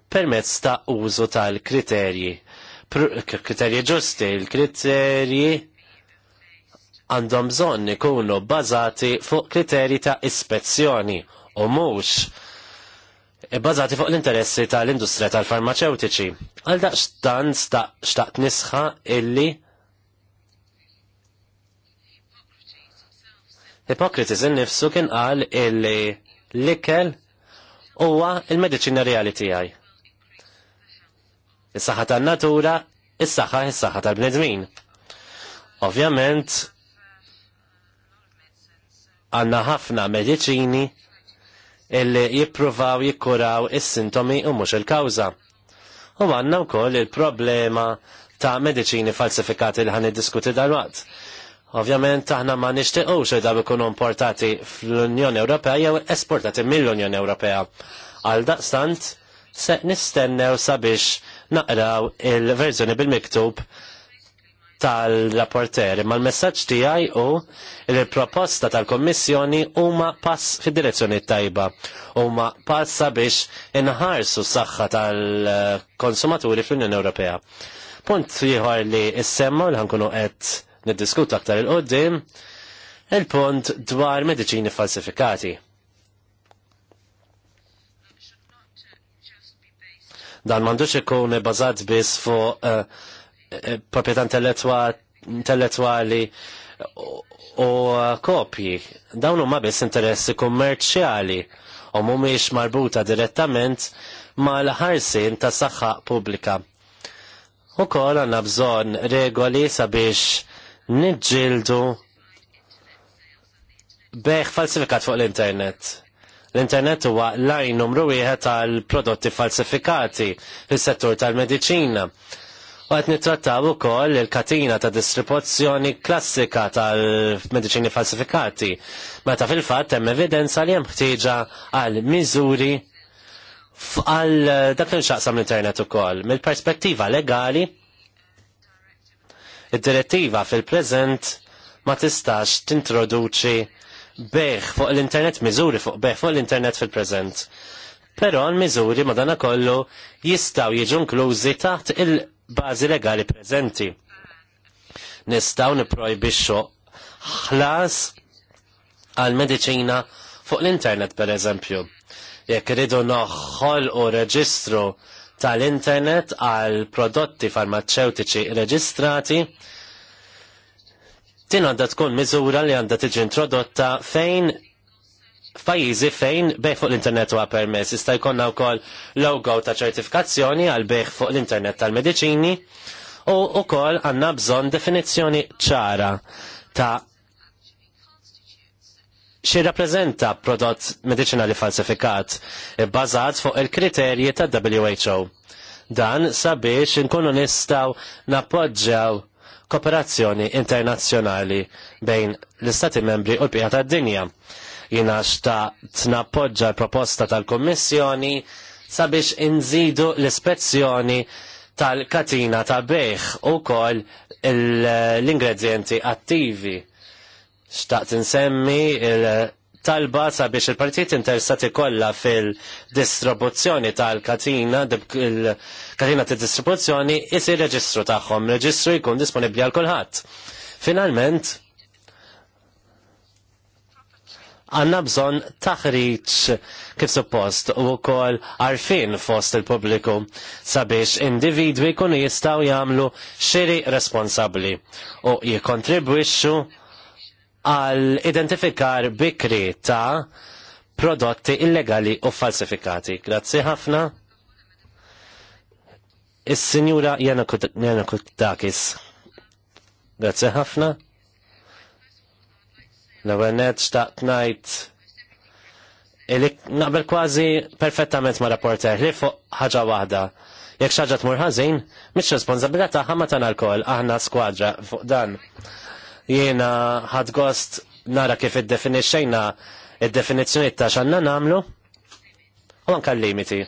permezz ta' użu tal-kriterji. Kriterji ġusti, il-kriterji għandhom bżonn ikunu bbażati fuq kriterji ta' ispezzjoni u mhux bbażati fuq l-interessi tal-industrija tal-farmaceutiċi. Għal daqstan staqt nisħa illi Hippokrates innifsu kien qal illi l-ikel huwa il-mediċina reali tiegħi. Is-saħħa tan-natura, is-saħħa is-saħħa tal-bnedmin. Ovvjament, għanna ħafna mediċini illi jippruvaw jikkuraw is-sintomi u mhux il-kawża. U għanna wkoll il-problema ta' mediċini falsifikati li ħan diskuti dal-waqt. Ovvjament aħna ma nixtiequx li daw ikunu importati fl-Unjoni Ewropea jew esportati mill-Unjoni Ewropea. Għal daqstant se nistennew sabiex naqraw il-verżjoni bil-miktub tal-rapporteri, ma l-messagġ tiegħi u il-proposta tal-Kommissjoni huma pass fid-direzzjoni tajba, huma pass biex inħarsu s-saħħa tal-konsumaturi fl-Unjoni Ewropea. Punt ieħor li u li ħankunu qed niddiskutu aktar il-qoddim, il-punt dwar mediċini falsifikati. Dan mandux ikun bazat biss fuq uh, Eh, proprjetà intellettwali u kopji. Dawn huma biss interessi kummerċjali u mhumiex marbuta direttament mal-ħarsin ta' saħħa pubblika. U kol għanna bżon regoli sabiex nidġildu beħ falsifikat fuq l-internet. L-internet huwa lajn numru wieħed tal-prodotti falsifikati fis-settur tal-mediċina. U għet nittrattaw ukoll il-katina ta' distribuzzjoni klassika tal-medicini falsifikati, meta fil-fatt hemm evidenza li hemm ħtieġa għal miżuri għal dak li nxaqsam l-internet ukoll. Mill-perspettiva legali, id-direttiva fil-preżent ma tistax tintroduċi beħ fuq l-internet, miżuri fuq beħ fuq l-internet fil-prezent. Pero l-miżuri madana kollu jistaw jiġu inklużi taħt il- bażi legali preżenti. Nistgħu nipprojbixxu ħlas għal mediċina fuq l-internet per eżempju. Jekk iridu noħol u reġistru tal-internet għal prodotti farmaceutiċi reġistrati, din għandha tkun miżura li għandha tiġi introdotta fejn f'pajjiżi fejn beħ fuq l-internet huwa permess. Jista' jkollna wkoll logo ta' ċertifikazzjoni għal beħ fuq l-internet tal-mediċini u wkoll għandna bżonn definizzjoni ċara ta' xi rappreżenta prodott mediċinali falsifikat bbażat fuq il-kriterji ta' WHO. Dan sabiex inkunu nistgħu nappoġġjaw kooperazzjoni internazzjonali bejn l-Istati membri u l-pija tad-dinja. Jina xtaqt nappoġġa l-proposta tal-Kommissjoni sabiex inżidu l-ispezzjoni tal-katina ta' beħ u kol l-ingredienti attivi. Xtaqt insemmi il- talba sabiex il-partijiet interessati kollha fil-distribuzzjoni tal-katina, il-katina tal-distribuzzjoni, isir reġistru tagħhom, reġistru jkun disponibbli għal kulħadd. Finalment, għanna bżon taħriċ kif suppost u kol arfin fost il-publiku sabiex individwi kunu jistaw jamlu xiri responsabli u jikontribwixxu għal identifikar bikri ta' prodotti illegali u falsifikati. Grazzi ħafna. Is-Sinjura Jana Kutakis. Grazzi ħafna. L-għennet xtaqt najt naqbel kważi perfettament ma' rapporter li fuq ħaġa waħda. Jekk xaġa tmur ħażin, mhix responsabilità ħamma tan alkohol aħna skwadra fuq dan. Jiena ħad gost nara kif id definisċejna id-definizzjoni ta' xanna namlu u anka limiti.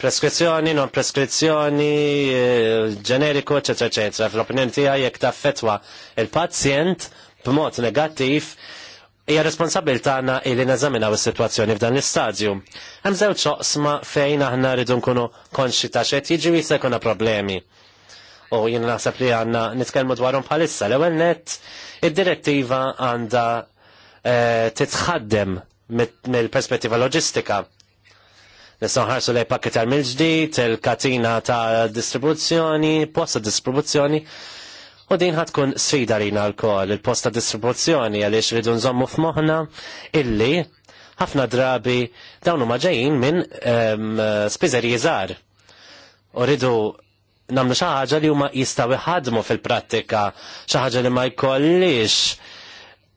Preskrizzjoni, non preskrizzjoni, eh, ġeneriku, eccetera, eccetera. Fl-opinjoni tiegħi jekk fetwa il-pazjent b'mod negattiv hija responsabil tagħna li neżaminaw is-sitwazzjoni f'dan l-istadju. Hemm żewġ oqsma fejn aħna rridu nkunu konxi ta' xed jiġi problemi u jien naħseb li għanna nitkellmu dwarhom bħalissa. L-ewwel net id-direttiva għandha eh, titħaddem mill-perspettiva loġistika. Nistgħu ħarsu lej pakketar mill-ġdid, il-katina ta' distribuzzjoni, posta distribuzzjoni, U din ħatkun sfida lina l-kol, il-posta distribuzzjoni għaliex ridu nżommu f'moħna illi ħafna drabi dawn huma ġejjin minn ehm, spiżeri żgħar. U rridu namlu xaħġa ħaġa li huma jistaw iħadmu fil-prattika xi ħaġa li ma jkollix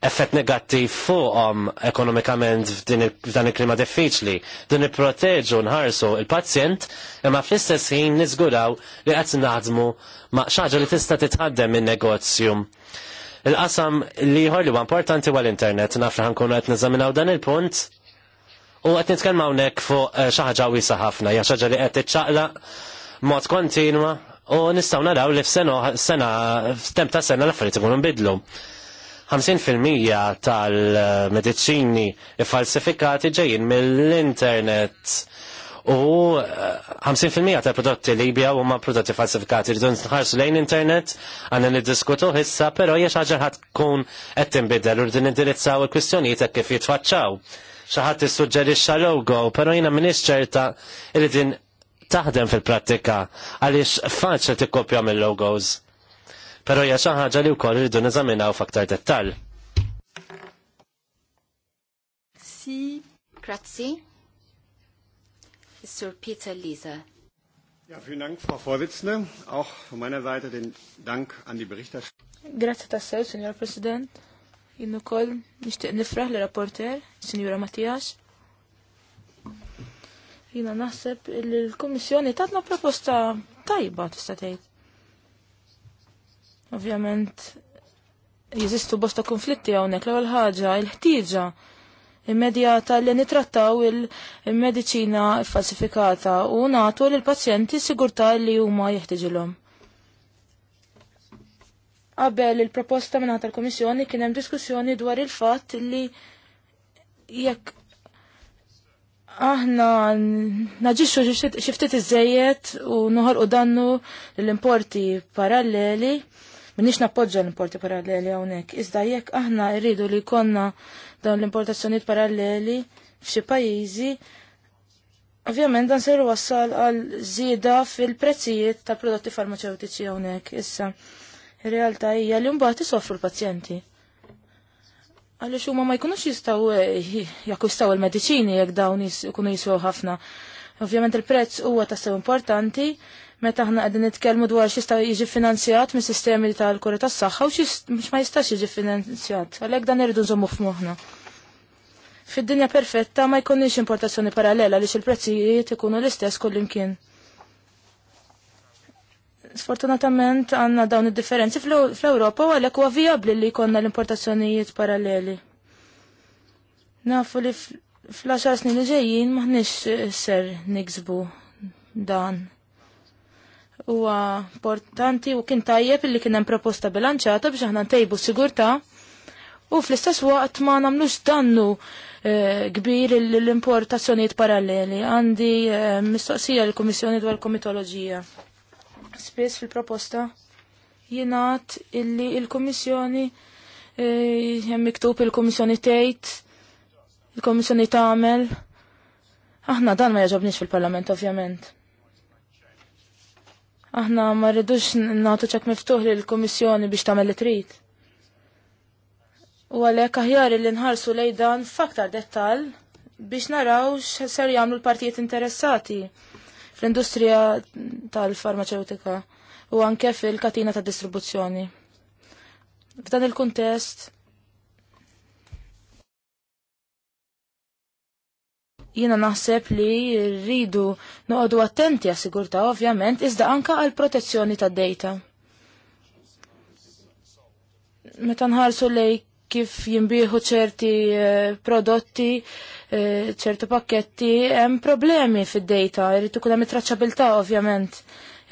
effett negattiv fuqhom ekonomikament f'dan il-klima diffiċli. Din nipproteġu nħarsu il-pazjent imma fl-istess ħin niżguraw li qed naħdmu ma' xaġa li tista' titħaddem in-negozju. Il-qasam li jħor li huwa importanti huwa l-internet naf li ħankunu qed niżaminaw dan il-punt u qed nitkellmaw hawnhekk fuq eh, xi ħaġa wiesa ħafna, jaxħġa xi ħaġa li qed tiċċaqlaq mod kontinwa u nistgħu naraw li f sena f'tem ta' sena l-affarijiet ikunu bidlu. 50% tal-mediċini falsifikati ġejjin mill-internet u 50% eh, tal-prodotti li jibjaw huma prodotti falsifikati rridu nħarsu lejn internet għanna niddiskutu issa però hija xi ħaġa ħadd tkun qed tinbidel u rridu indirizzaw il-kwistjonijiet hekk kif jitfaċċaw. Xi ħadd issuġġerixxa logo, però jiena m'iniex ċerta li din taħdem fil-prattika għaliex faċli tikkopja mill-logos. Però hija xi ħaġa li wkoll irridu neżaminaw f'aktar dettall. Si, grazzi. Sir Peter Lisa. Ja, vielen Dank, Frau Vorsitzende. Auch von meiner Seite den Dank an die Berichterstatter. Grazie a te, Signor Presidente. Jinnu kol, nishtiq nifraħ li rapporter, Signora Mattias. Jina naħseb li l-Kummissjoni tatna proposta tajba tista' tgħid. Ovvjament jeżistu bosta konflitti hawnhekk l-ewwel ħaġa, il-ħtieġa immedjata li nitrattaw il-medicina falsifikata u nagħtu lill-pazjenti s-sigurta' li huma jeħtieġilhom. Qabel il-proposta minn tal-Komissjoni kien hemm diskussjoni dwar il-fatt li jekk aħna naġiċu xiftit iż u u dannu l-importi paralleli, minnix nappoġġa l-importi paralleli għonek, iżda jekk aħna irridu li konna dawn l-importazzjoniet paralleli f'xi pajjiżi, ovvjament dan seru wassal għal żieda fil-prezzijiet tal-prodotti farmaceutiċi hawnhekk issa. Ir-realtà hija li mbagħad isofru l-pazjenti. Għaliex huma ma jkunux jistgħu eh, jakkwistaw il-mediċini jekk dawn ikunu jiswew ħafna. Ovvjament il-prezz huwa tassew importanti meta aħna qegħdin nitkellmu dwar x'jista' jiġi finanzjat mis-sistemi tal-kura tas-saħħa u ma jistax jiġi finanzjat. Għalhekk dan irridu nżommu f'moħħna. Fid-dinja perfetta ma jkunniex importazzjoni parallela li il-prezzijiet ikunu l-istess kullimkien. Sfortunatament għanna dawn id-differenzi fl-Europa u għalek huwa għavijabli li jkollna l-importazzjonijiet paralleli. Nafu li fl-10 snin li ġejjin maħniex eh, ser niksbu dan. Huwa importanti u kien tajjeb li kien hemm proposta bilanċata biex aħna ntejbu sigurtà u fl-istess waqt ma nagħmlux dannu eh, kbir l-importazzjonijiet paralleli. Għandi eh, mistoqsija l-Kummissjoni dwar komitoloġija espress fil-proposta jingħad illi il-Kummissjoni eh, hemm miktub il-Kummissjoni tgħid il-Kummissjoni tagħmel. Aħna dan ma jaġobniex fil-Parlament ovvjament. Aħna ma rridux nagħtu ċak miftuħ lill kummissjoni biex tagħmel li trid. U għalhekk aħjar li nħarsu lejn f'aktar dettal biex naraw x'ser jagħmlu l-partijiet interessati fl-industrija tal-farmaceutika u anke fil-katina ta' distribuzzjoni. F'dan il-kuntest jina naħseb li rridu noqogħdu attenti għas sigurtà ovvjament iżda anka għal protezzjoni tad dejta Meta nħarsu lej kif jinbieħu ċerti eh, prodotti E, ċertu pakketti hemm problemi fid-data, jrid ikun hemm it-traċċabilità ovvjament.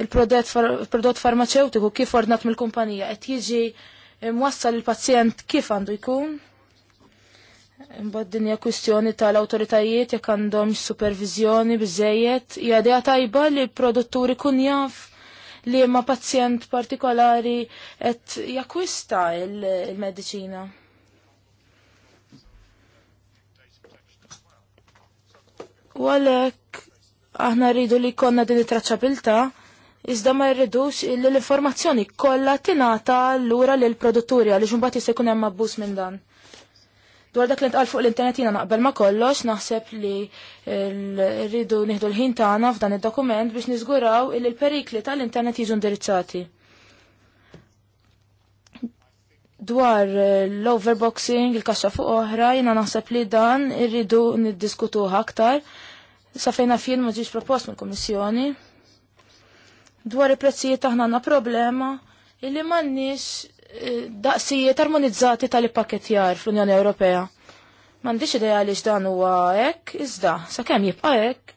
Il-prodott farmaceutiku kif ordnat mill-kumpanija qed jiġi mwassal il-pazjent kif għandu jkun. Imbagħad din hija kwistjoni tal-awtoritajiet jekk għandhom supervizjoni biżejjed, hija idea tajba li produtturi ikun jaf li ma pazjent partikolari qed jakwista il il, il mediċina U għalhekk aħna rridu li konna din it traċabilta iżda ma rridux li l-informazzjoni kollha tingħata lura lil produtturi għaliex imbagħad jista' jkun hemm abbuż minn dan. Dwar dak li ntqal fuq l-internet jiena naqbel ma kollox, naħseb li eh, rridu nieħdu l-ħin tagħna f'dan id-dokument biex niżguraw li l-perikli tal-internet jiġu indirizzati. Dwar eh, l-overboxing, il-kaxxa fuq oħra, jiena naħseb li dan irridu niddiskutuha aktar Sa fejna fien ma ġiġ propost mill komissjoni Dwar il-prezzijiet aħna għandna problema illi m'għandniex eh, daqsijiet armonizzati tal jar fl-Unjoni Ewropea. M'għandix idea għaliex dan huwa hekk, iżda sakemm jibqa' hekk.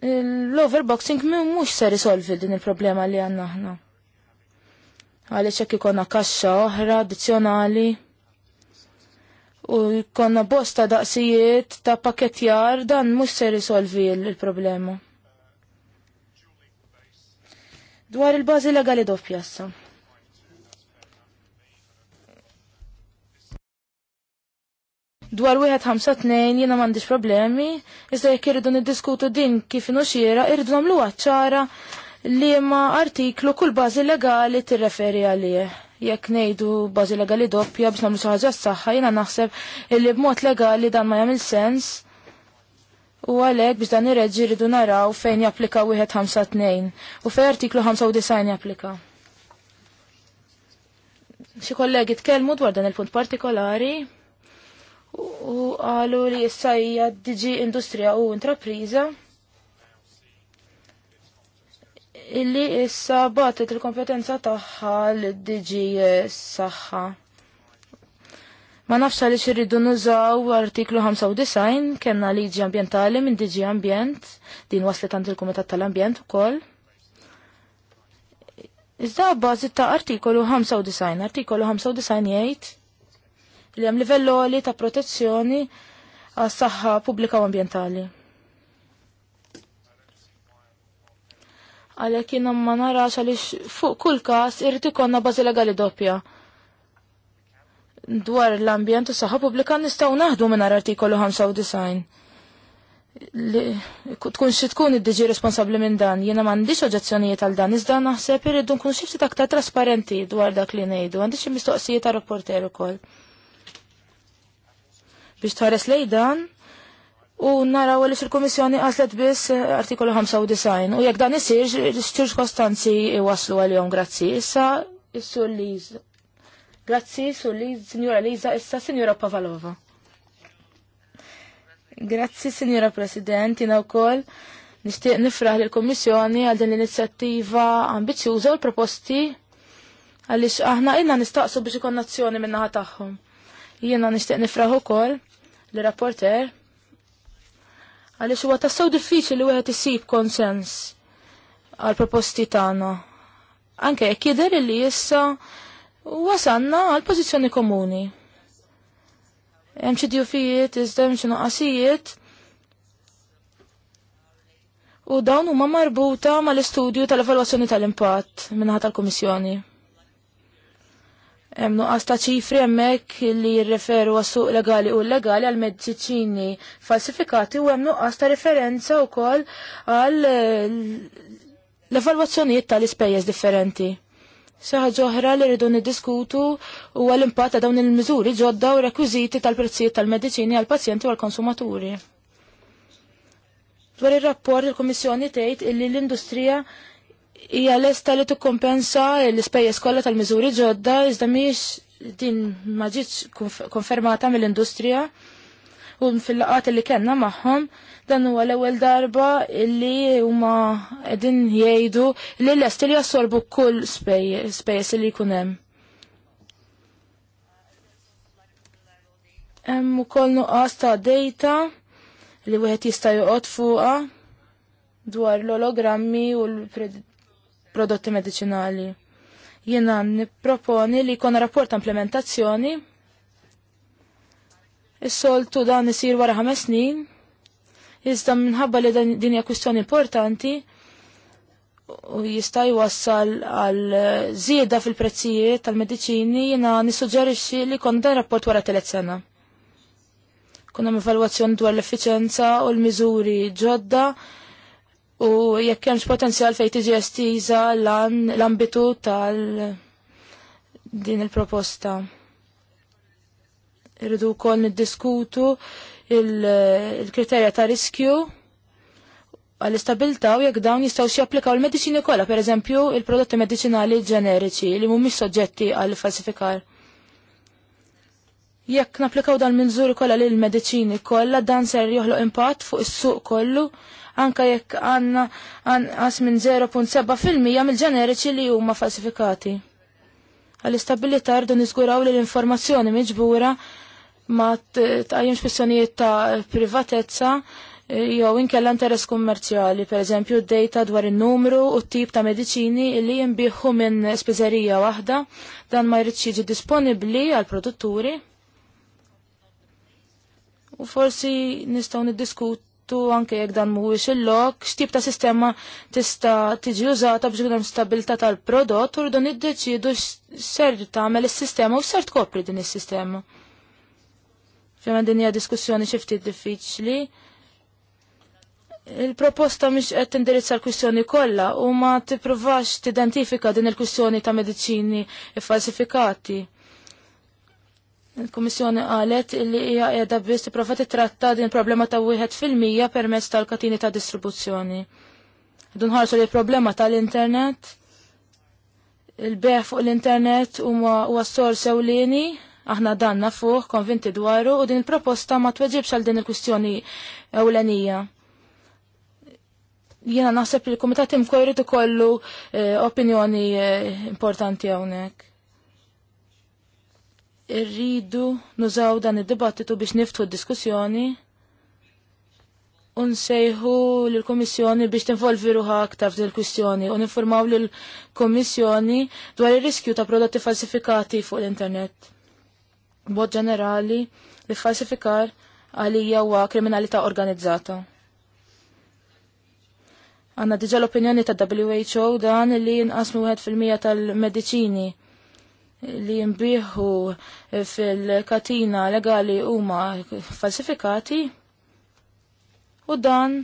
L-overboxing mhux ser risolvi din il-problema li għanna ħna. Għaliex hekk ikonna kaxxa oħra addizzjonali u konna bosta daqsijiet ta' pakettjar dan mux se risolvi il-problema. Dwar il-bazi legali do pjassa. Dwar wieħed ħamsa tnejn jiena m'għandix problemi, iżda jekk irridu niddiskutu din kif inuxiera, irridu nagħmluha ċara li ma artiklu kull bażi legali tirreferi għalih jekk ngħidu bażi legali doppja biex nagħmlu xi ħaġa s-saħħa jiena naħseb li b'mod legali dan ma jagħmel sens. U għalek biex dan ir reġġi rridu naraw fejn japplika wieħed 52 u fejn artiklu 95 japplika. Xi kollegi tkellmu dwar dan il-punt partikolari u qalu li issa hija diġi industrija u intrapriża illi issa batet il-kompetenza tagħha l-DG saħħa. Ma nafx għaliex irridu nużaw artiklu 95 kellna liġi ambjentali minn DG Ambjent, din waslet għand il-Kumitat tal-Ambjent ukoll. Iżda bazi ta' artikolu 95, artikolu 95 jgħid li hemm livell ta' protezzjoni għas-saħħa pubblika u ambjentali. għalhekk jiena ma narax għaliex fuq kull każ irid ikonna bażi legali doppja. Dwar l-ambjent u saħħa pubblika nistgħu naħdu minn artikolu 95. Li tkun xi tkun id-diġi responsabbli minn dan, jiena m'għandix oġġezzjonijiet għal dan, iżda naħseb irridu nkun xi ftit aktar trasparenti dwar dak li ngħidu, għandi xi mistoqsijiet ta' rapporter ukoll. Biex tħares lejn dan, u naraw li il-Komissjoni għaslet biss eh, artikolu 95 u jekk dan isir xtir kostanzi waslu għal-jom grazzi. Issa, issu Liz. Grazzi, su Liz, Signora Liza, issa Signora Pavalova. Grazzi, Signora President, jina u koll. Nishtiq nifraħ l-Komissjoni għal din l-inizjattiva ambizjuża u l-proposti għalix aħna jina nistaqsu biex ikon nazzjoni minnaħa tagħhom. Jiena nishtiq nifraħ ukoll l-rapporter Għaliex huwa tassew diffiċli li wieħed isib konsens għal proposti tagħna. Anke jekk jidher li issa wasanna għal pożizzjoni komuni. Hemm xi djufijiet iżda hemm xi noqasijiet u dawn huma marbuta mal-istudju tal-evalwazzjoni tal-impatt minnaħa tal-Kummissjoni. Hemm nuqqas ta' ċifri hemmhekk li jirreferu għas-suq legali u legali għal mediċini falsifikati u hemm nuqqas ta' referenza wkoll għal eh, l-evalwazzjonijiet tal-ispejjeż differenti. Saħġa oħra li rridu niddiskutu huwa l-impatt ta' dawn il-miżuri ġodda u rekwiżiti tal-prezzijiet tal-mediċini għal pazjenti u għall konsumaturi Dwar ir-rapport il-Kummissjoni tgħid illi l-industrija hija lesta li tikkompensa l-ispejjeż kollha tal-miżuri ġodda iżda mhijiex din ma ġietx konfermata mill-industrija u fil-laqat li kellna magħhom dan huwa l-ewwel darba li huma qegħdin jgħidu li lest li jassorbu kull spejjeż li jkun hemm. Hemm ukoll nuqqas ta' data li wieħed jista' joqgħod fuqha dwar l-ologrammi u l prodotti medicinali. Jena niproponi li jkun rapport implementazzjoni Is-soltu dan isir wara ħames snin, iżda minħabba li din hija kwistjoni importanti u jista' jwassal għal eh, żieda fil-prezzijiet tal-mediċini jiena nissuġġerixxi li kon dan rapport wara telet sena. Kun hemm evalwazzjoni dwar l-effiċenza u l-miżuri ġodda u jekk hemmx potenzjal fejn tiġi estiża l-ambitu tal din il-proposta. Irridu wkoll niddiskutu il-kriterja ta' riskju għall-istabilta u jekk dawn jistgħu japplikaw il-mediċini kollha, pereżempju il-prodotti mediċinali ġeneriċi li mhumiex soġġetti għal falsifikar. Jekk napplikaw dan minżur kollha lil mediċini kollha dan ser joħloq impatt fuq is-suq kollu anka jekk għanna għas minn 0.7% mill-ġeneriċi li huma falsifikati. għal istabilità rridu niżguraw li l-informazzjoni miġbura ma tqajjimx fissjonijiet ta' privatezza eh, jew inkella interess kummerċjali, per eżempju d-data dwar in-numru u t-tip ta' mediċini li jimbiħu minn spiżerija waħda dan ma jridx jiġi disponibbli għal produtturi. U forsi nistgħu niddiskut dibattitu anke jekk dan mhuwiex il-lok, x'tip ta' sistema tista' tiġi użata biex għidhom hemm tal-prodott u rridu niddeċiedu x'ser tagħmel is-sistema u x'ser tkopri din is-sistema. Ġemma din hija diskussjoni xi ftit diffiċli. Il-proposta mhix qed tindirizza l-kwistjoni kollha u ma tippruvax tidentifika din il-kwistjoni ta' mediċini falsifikati Il-Kummissjoni qalet li hija qiegħda biss tipprova titratta din problema ta' wieħed fil-mija permezz tal-katini ta' distribuzzjoni. Dunħarsu li problema tal-internet, il-beħ fuq l-internet huwa huwa sors ewlieni, aħna danna fuq konvinti dwaru u din il-proposta ma tweġibx għal din il-kwistjoni ewlenija. Jiena naħseb li l-Kumitat imkojrit ikollu eh, opinjoni eh, importanti hawnhekk irridu nużaw dan id-dibattitu biex niftħu d-diskussjoni unsejħu l-Komissjoni biex tinvolvi ruħa aktar il kwistjoni u ninformaw l-Komissjoni dwar ir-riskju ta' prodotti falsifikati fuq l-internet. B'mod ġenerali, li falsifikar għalija huwa kriminalità organizzata. Għanna diġa l-opinjoni ta' WHO dan li jinqas wieħed fil-mija tal-mediċini li jimbiħu fil-katina legali huma falsifikati u dan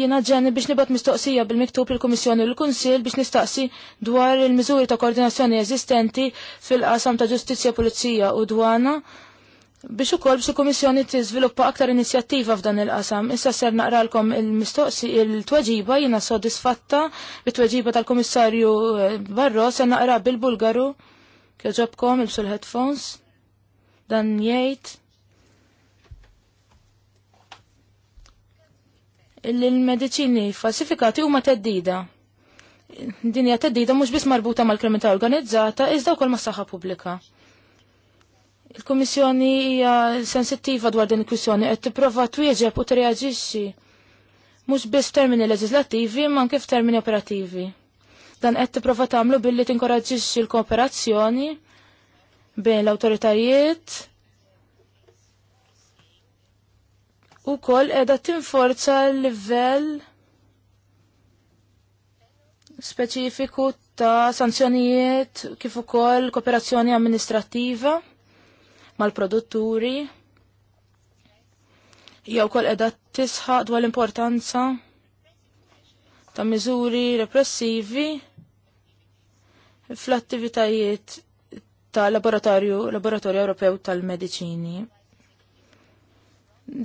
jiena ġenni biex nibat mistoqsija bil-miktub il-Komissjoni l kunsil biex nistaqsi dwar il-miżuri ta' koordinazzjoni eżistenti fil-qasam ta' ġustizzja, pulizija u dwana biex ukoll biex il-Kummissjoni tiżviluppa aktar inizjattiva f'dan il-qasam. Issa ser naqralkom il-mistoqsi il-tweġiba jiena sodisfatta bit-tweġiba tal-Kummissarju eh, Barro se naqra bil-Bulgaru kieġobkom il-sul headphones dan jgħid il medicini falsifikati huma teddida. Dinja teddida mhux biss marbuta mal-kriminalità organizzata iżda wkoll mas-saħħa pubblika. Il-Kummissjoni hija sensittiva dwar din il-kwissjoni qed tipprova twieġeb u tirreaġixxi mhux biss termini leġislattivi ma anke f'termini operattivi. Dan qed tipprova tagħmlu billi tinkoraġġixxi l-kooperazzjoni bejn l-awtoritajiet u koll edha tinforza l-livell speċifiku ta' sanzjonijiet kif ukoll kooperazzjoni amministrativa mal-produtturi jew kol edha tisħaq dwar l-importanza ta' miżuri repressivi fl-attivitajiet ta' laboratorju, laboratorju Ewropew tal-Mediċini.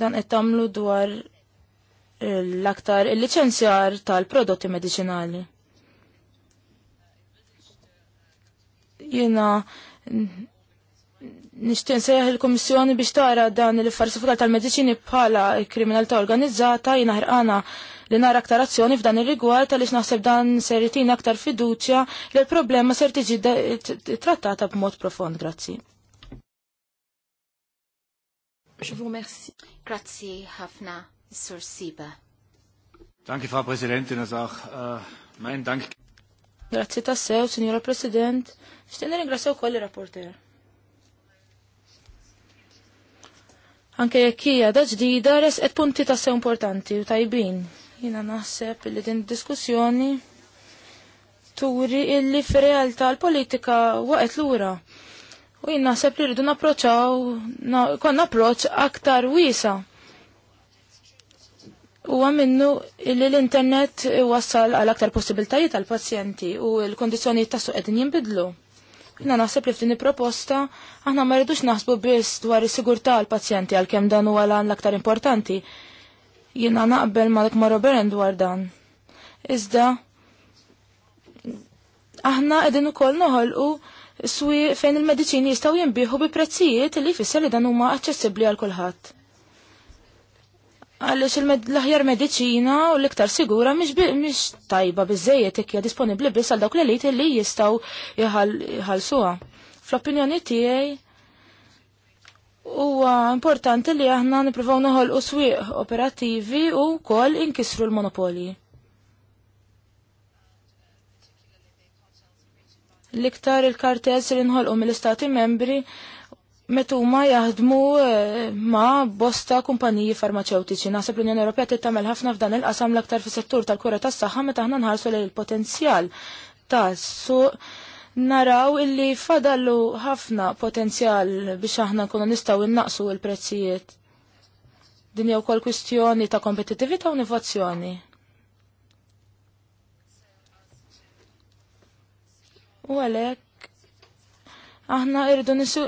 Dan qed tagħmlu dwar l-aktar il-liċenzjar tal-prodotti mediċinali. Jiena nishtin sejħ il-Komissjoni biex tara dan il-falsifikat tal-medicini bħala kriminalità organizzata jina ħirqana li nara aktar azzjoni f'dan ir-rigward għaliex naħseb dan ser jtina aktar fiduċja li l-problema ser tiġi trattata b'mod profond. Grazzi. Grazzi ħafna, Sur Siba. Danke, Frau Präsidentin, das auch uh, mein Dank. Grazie tassew, Signora President. Xtenni ringrazzjaw kolli rapporter. Anke jekk hija da ġdida res qed punti tassew importanti u tajbin. Jiena naħseb li din diskussjoni turi illi fir-realtà l-politika waqgħet lura. U jien naħseb li rridu napproċċaw na, kon approċċ aktar wiesa. Huwa minnu illi l-internet wassal għal aktar possibiltajiet għal pazjenti u l kondizjoni tassu suq jimbidlu. Na naħseb li f'din proposta aħna ma rridux naħsbu biss dwar is-sigurtà għal pazjenti għalkemm dan huwa lan l-aktar importanti. Jiena naqbel ma dak maroberen dwar dan. Iżda aħna qegħdin ukoll noħolqu swi fejn il-mediċini jistgħu jinbieħu bi prezzijiet li jfisser li dan huma aċċessibbli għal kulħadd. Għalix l-aħjar medicina u l-iktar sigura mhix tajba bizzejiet ikja disponibli disponibbli biss għal dawk l-elit li jistgħu suwa. Fl-opinjoni tiegħi huwa importanti li aħna nippruvaw noħolqu swiq operattivi u wkoll inkisru l-monopoli. L-iktar il-kartels li u mill-istati membri metu ma jaħdmu eh, ma bosta kumpaniji farmaceutiċi. Naħseb l-Unjoni Ewropea tittamel ħafna f'dan il-qasam l-aktar fis settur tal-kura tas-saħħa meta aħna nħarsu lejn potenzjal tas-suq naraw illi fadallu ħafna potenzjal biex aħna nkunu nistgħu innaqsu l-prezzijiet. Din jew kol kwistjoni ta' kompetittività u innovazzjoni. U għalhekk aħna irridu nisu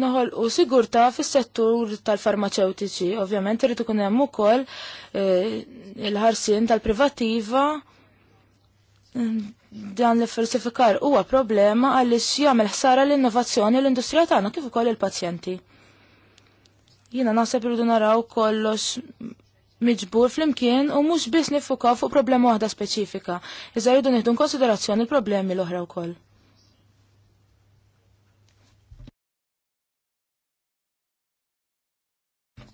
noħol u sigurta fis-settur tal-farmaceutiċi, ovvjament irid ikun hemm ukoll eh, il-ħarsien tal-privattiva dan li falsifikar huwa problema għaliex jagħmel ħsara l-innovazzjoni l-industrija tagħna kif ukoll il-pazjenti. Jiena naħseb irridu naraw kollox miġbur flimkien u mhux biss nifukaw fuq problema waħda speċifika, iżda rridu nieħdu konsiderazzjoni l-problemi l-oħra wkoll.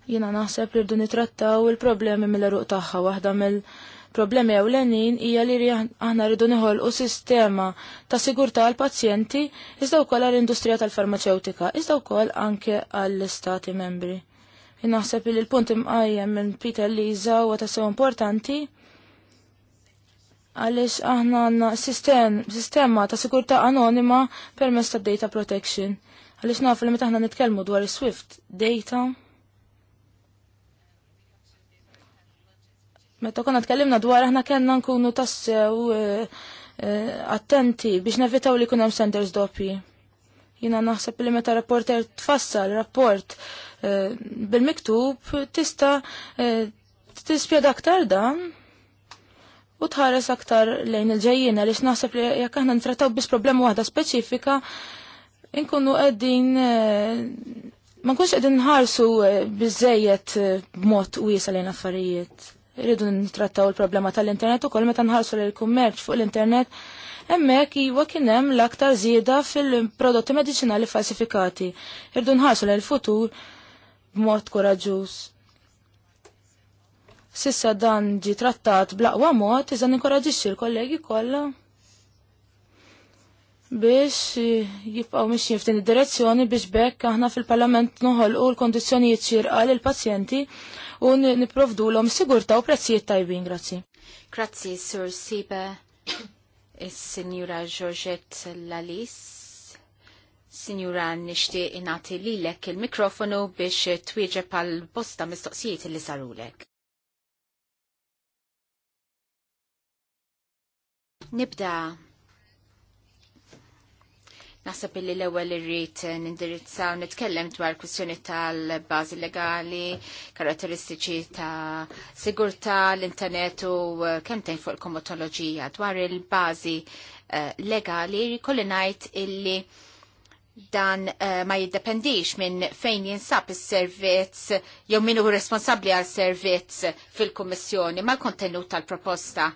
Jina naħseb li rridu nitrattaw il-problemi mill-eruq tagħha waħda mill- problemi ewlenin hija li aħna rridu u sistema ta' sigurtà għal pazjenti iżda wkoll għall industrija tal-farmaceutika, iżda wkoll anke għall-istati membri. Naħseb li l-punt imqajjem minn Peter Liza huwa sew importanti għaliex aħna għandna sistema ta' sigurta anonima permess tad data protection. Għaliex nafu li meta aħna nitkellmu dwar is-Swift data Meta konna tkellimna dwar aħna kellna nkunu tassew eh, eh, attenti biex nevitaw li kunem senders doppi. Jina naħseb li meta rapporter tfassal rapport eh, bil-miktub tista' tispjeda aktar dan u tħares aktar lejn il-ġejjina li naħseb li jekk aħna nitrataw biss problema waħda speċifika inkunu qegħdin ma nkunx qegħdin nħarsu biżejjed b'mod wiesa lejn affarijiet. Irridu nittrattaw il-problema tal-internet u kol meta nħarsu l-kummerċ fuq l-internet, emmek jiva kienem l-aktar zieda fil-prodotti medicinali falsifikati. Irridu nħarsu l-futur b'mod koraġuż. Sissa dan ġi trattat blaqwa mod, iżda inkoraġiċi l-kollegi kollha biex jibqaw mixjin f'din id-direzzjoni biex bekk aħna fil-Parlament noħolqu l-kondizzjonijiet ċirqa il pazjenti u l-om sigurta u prezzijiet tajbin, grazzi. Grazzi, Sur Sibe, il sinjura Georgette Lalis. Sinjura nishti inati lilek il-mikrofonu biex twieġe pal bosta mistoqsijiet li sarulek. Nibda Nasab li l-ewel irrit nindirizzaw nitkellem dwar kwistjoni tal-bazi legali, karatteristiċi ta' sigurta l-internet u eh, kemm tejn fuq il-komotoloġija dwar il-bazi eh, legali, kolli najt illi dan uh, ma jiddependix minn fejn jinsab is-servizz jew min hu responsabbli għal servizz fil-Kummissjoni ma kontenut tal-proposta.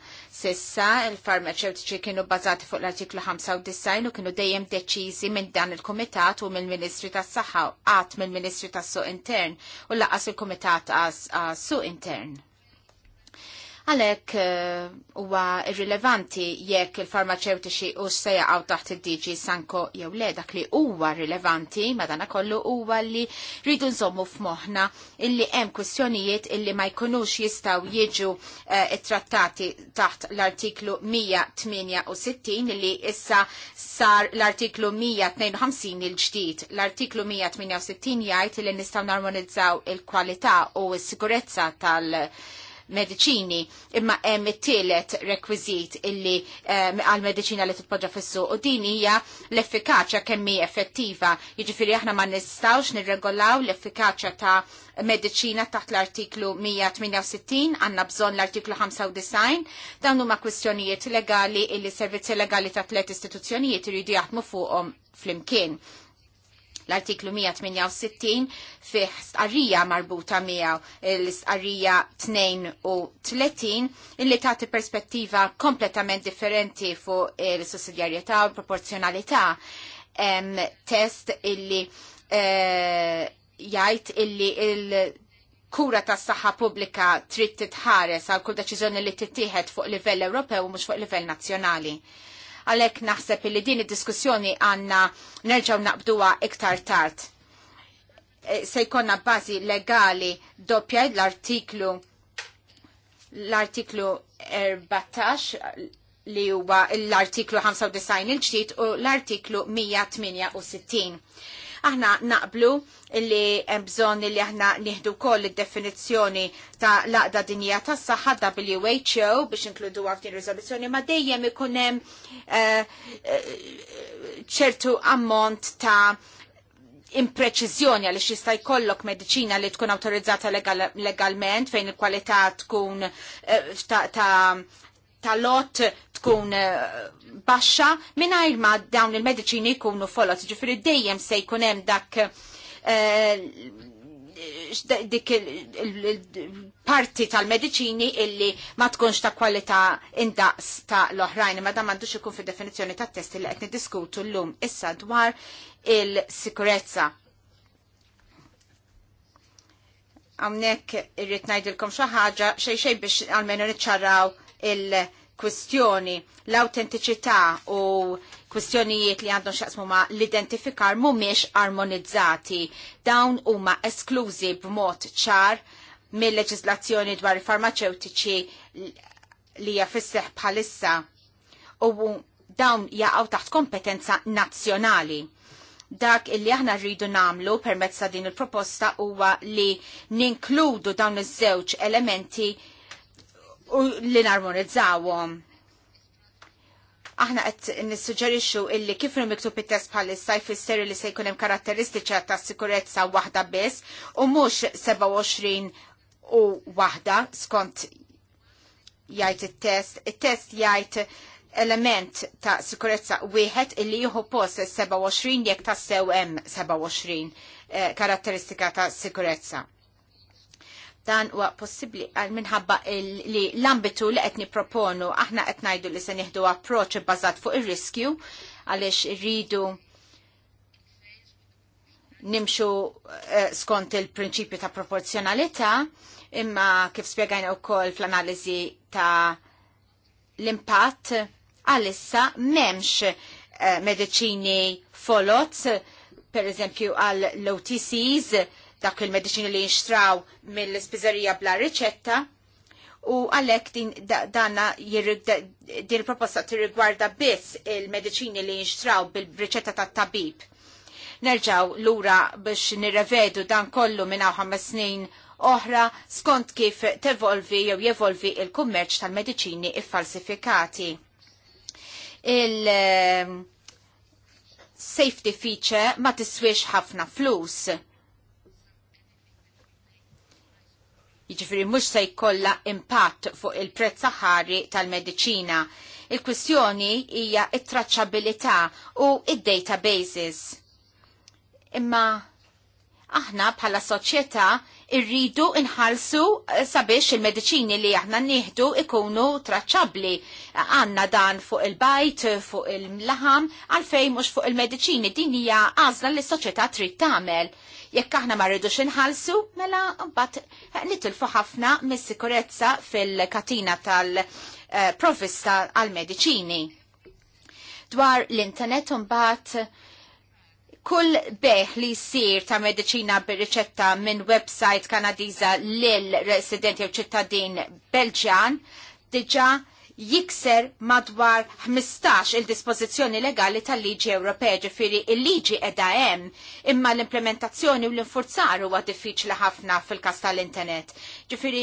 Sissa il-farmaceutiċi kienu bbażati fuq l-artiklu 95 u kienu dejjem deċiżi minn dan il-Kumitat u mill-Ministri tas-Saħħa qatt mill-Ministri tas-Suq Intern u laqas il-Kumitat għas Suq Intern. Għalek eh, huwa irrilevanti jekk il-farmaceutiċi u għaw taħt il-DG Sanko jew le dak li huwa rilevanti madana kollu huwa li rridu nżommu f'moħħna illi hemm kwistjonijiet illi ma jkunux jistaw jiġu eh, trattati taħt l-artiklu 168 li issa sar l-artiklu 152 il-ġdid. L-artiklu 168 jgħid li nistgħu narmonizzaw il-kwalità u s-sigurezza tal- mediċini imma hemm it-tielet rekwiżit illi ehm, għal mediċina li titpoġġa fis u din hija l-effikaċja kemm hi effettiva. Jiġifieri aħna ma nistgħux nirregolaw l-effikaċja ta' mediċina taħt l-artiklu 168 għandna bżonn l-artiklu 95 dawn huma kwistjonijiet legali illi servizzi legali ta' tliet istituzzjonijiet iridu jaħdmu fuqhom flimkien. L-artiklu 168 fih stqarrija marbuta miegħu l-istqarrija 32 illi tagħti perspettiva kompletament differenti fuq il-sussidjarjetà u l proporzjonalità test illi eh, jgħid illi il- kura ta' saħħa pubblika trid titħares għal kull deċiżjoni li tittieħed fuq livell Ewropew u mhux fuq livell nazzjonali għalhekk naħseb li din id-diskussjoni għandna nerġgħu naqbduwa iktar tard. E, se jkollna bażi legali doppja l-artiklu l-artiklu 14 li huwa l-artiklu 95 il-ġdid u l-artiklu 168. Aħna naqblu li hemm bżonn li aħna nieħdu wkoll id-definizzjoni ta' laqda dinja tas-saħħa WHO biex inkluduha f'din riżoluzzjoni ma dejjem ikun hemm eh, eh, ċertu ammont ta' impreċizjoni għalix jista' jkollok medicina li tkun autorizzata legal, legalment fejn il-kwalità tkun eh, ta, ta, ta' lot tkun eh, baxxa mingħajr ma dawn il-mediċini jkunu folot, ġifieri dejjem se jkun hemm dak eh, dik il-parti tal-mediċini illi ma tkunx ta' kwalità indaqs ta' l-oħrajn, ma dan m'għandux ikun fid-definizzjoni tat-testi li qed niddiskutu llum issa dwar il-sikurezza għamnek irrit najdilkom xaħġa xej xej biex għalmenu nitċarraw il- kwistjoni l-autentiċità u kwistjonijiet li għandhom xaqsmu ma l-identifikar mumiex armonizzati. Dawn huma esklużi b'mod ċar mill-leġislazzjoni dwar il-farmaceutiċi li jaffisseħ bħalissa u dawn jaqaw taħt kompetenza nazzjonali. Dak illi aħna rridu namlu permezz din il-proposta huwa li ninkludu dawn iż-żewġ elementi u li narmonizzawhom aħna qed nissuġġerixxu illi kif miktub it-test bħalissa jfisser li se jkun hemm karatteristiċi ta' sikurezza waħda biss u mhux 27 u waħda skont jgħid it-test. It-test jgħid element ta' sikurezza wieħed illi jieħu post 27 jekk tassew hemm 27 eh, karatteristika ta' sikurezza dan huwa possibbli għal minħabba li l-ambitu li qed nipproponu aħna qed ngħidu li se nieħdu approċċ bbażat fuq ir-riskju għaliex irridu nimxu eh, skont il-prinċipju ta' proporzjonalità imma kif spjegajna wkoll fl-analiżi ta' l-impatt għalissa m'hemmx eh, mediċini folot per eżempju għal l-OTCs dak il-medicini li jinxtraw mill-spizzerija bla riċetta u għalek din danna din proposta tirrigwarda biss il-medicini li jinxtraw bil-riċetta tat tabib Nerġaw lura biex nirrevedu dan kollu minn ħames snin oħra skont kif tevolvi jew jevolvi il-kummerċ tal-medicini iffalsifikati. Il- eh, safety feature ma tiswix ħafna flus Jiġifieri mhux se jkollha impatt fuq il-prezz aħari tal-mediċina. Il-kwistjoni hija t traċċabilità u id-databases. Imma aħna bħala soċjetà irridu inħalsu eh, sabiex il-mediċini li aħna nieħdu ikunu traċċabbli. Għanna dan fuq il-bajt, fuq il-mlaħam, għalfej mhux fuq il-mediċini din hija għażla li s-soċjetà trid tagħmel. Jekk aħna ma rridux inħalsu, mela mbagħad eh, nitilfu ħafna mis-sikurezza fil-katina tal-provista għal-mediċini. Dwar l-internet mbagħad kull beħ li jsir ta' medicina bir-riċetta minn website kanadiza lil residenti u ċittadin Belġjan diġa jikser madwar 15 il-dispozizjoni legali tal-liġi Ewropea ġifiri il-liġi edha hemm imma l-implementazzjoni u l-infurzar huwa diffiċli ħafna fil-kas tal-internet. Ġifiri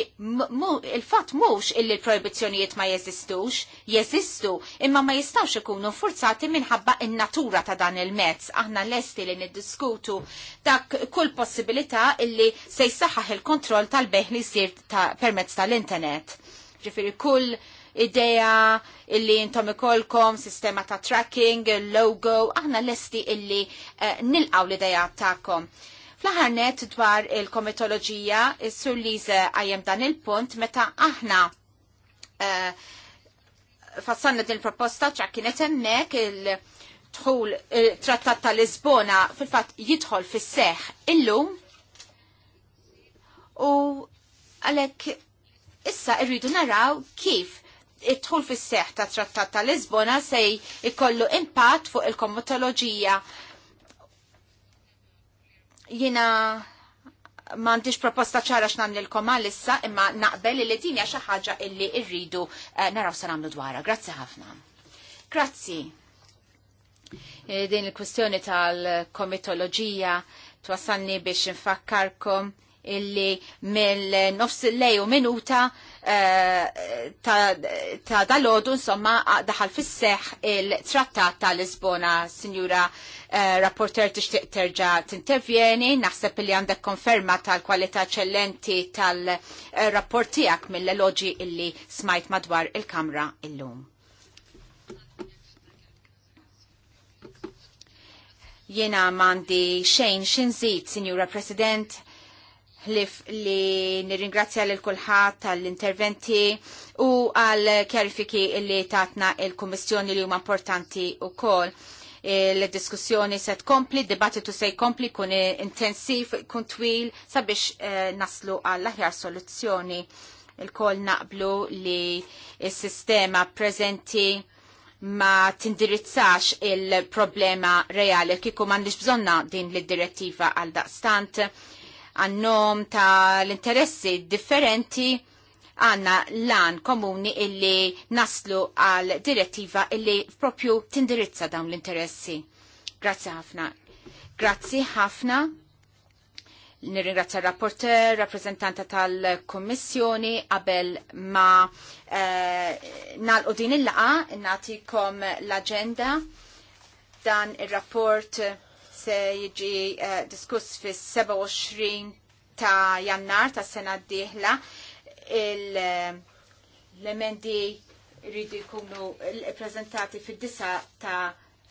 il-fatt mhux illi l-proibizzjonijiet ma jeżistux, jeżistu imma ma jistawx ikunu infurzati minħabba in-natura ta' dan il-mezz. Aħna lesti li niddiskutu dak kull possibilità illi se jsaħħaħ il-kontroll tal-beħ li jsir permezz tal-internet. Ġifiri kull ideja illi intom ikolkom, sistema ta' tracking, logo, aħna lesti illi uh, nilqaw l-ideja ta'kom. Fl-aħħar net dwar il-komitoloġija, is-sur Liza għajem dan il-punt meta aħna uh, fassanna din proposta ċa kienet hemmhekk il- tħul trattat tal Lisbona fil-fat jidħol fis seħ illum u għalek issa irridu naraw kif it-tħul fis seħ ta' trattat ta' Lisbona se jkollu impatt fuq il-komotoloġija. Jina mandiġ proposta ċara x'namlilkom għalissa imma naqbel li din hija xi ħaġa illi rridu eh, naraw se nagħmlu dwarha. Grazzi ħafna. Grazzi. Eh, din il-kwistjoni tal-komitoloġija twassalni biex infakkarkom illi mill-nofs lej u minuta eh, ta' dalodu insomma daħal fisseħ il-trattat ta' Lisbona, Sinjura eh, rapporter tixtieq terġa' t-intervjeni, naħseb li għandek konferma tal-kwalità eċċellenti tal-rapport tiegħek mill elogi illi smajt madwar il-Kamra illum. Jena mandi xejn xinżid, Sinjura President, ħlif li nirringrazzja l kulħadd tal-interventi u għal kjarifiki li tatna il-Kommissjoni li huma importanti u kol. Il-diskussjoni se tkompli, dibattitu se jkompli kun intensiv, kun twil sabiex eh, naslu għall aħjar soluzzjoni. Il-kol naqblu li il-sistema prezenti ma tindirizzax il-problema reali kiku mandiġ bżonna din l-direttiva għal daqstant għannom ta' l-interessi differenti għanna lan komuni illi naslu għal direttiva illi propju tindirizza dawn l-interessi. Grazzi ħafna. Grazzi ħafna. Nirringrazzja rapporter, rappresentanta tal-Kommissjoni, qabel ma eh, nalqu din il-laqa, natikom l-agenda dan il-rapport se jiġi uh, diskuss fis 27 ta' jannar ta' sena d-dieħla eh, l-emendi rridu jkunu prezentati fid-9 ta'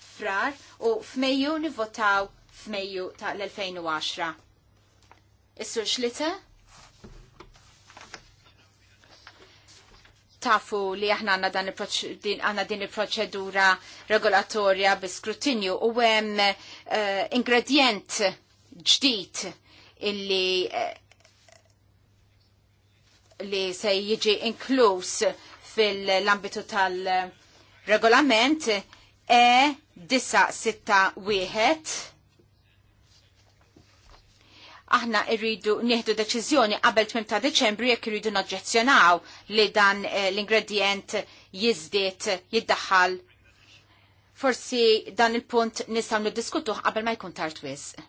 frar u f'Mejju nivvotaw f'Mejju ta' l-2010. Is-sur Xlita? tafu li aħna għanna dan il-proċedura din il-proċedura regolatorja bi skrutinju u hemm uh, ingredient ġdid illi uh, li se jiġi inkluż fil-ambitu tal-regolament e wieħed aħna irridu nieħdu deċiżjoni qabel 8 ta' Deċembru jekk irridu noġġezzjonaw li dan eh, l-ingredient jizdiet jiddaħħal. Forsi dan il-punt nistgħu niddiskutuh qabel ma jkun tard wisq.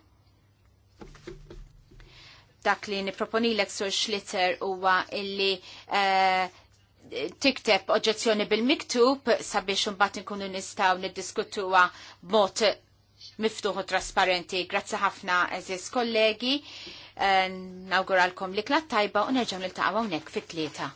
Dak li nipproponilek sur Schlitter huwa illi eh, tikteb oġġezzjoni bil-miktub sabiex imbagħad inkunu nistgħu niddiskutuha b'mod miftuħ u trasparenti. Grazzi ħafna, eżis kollegi. Eh, nawguralkom li klat tajba u nerġaw nil-taqaw fit-tlieta.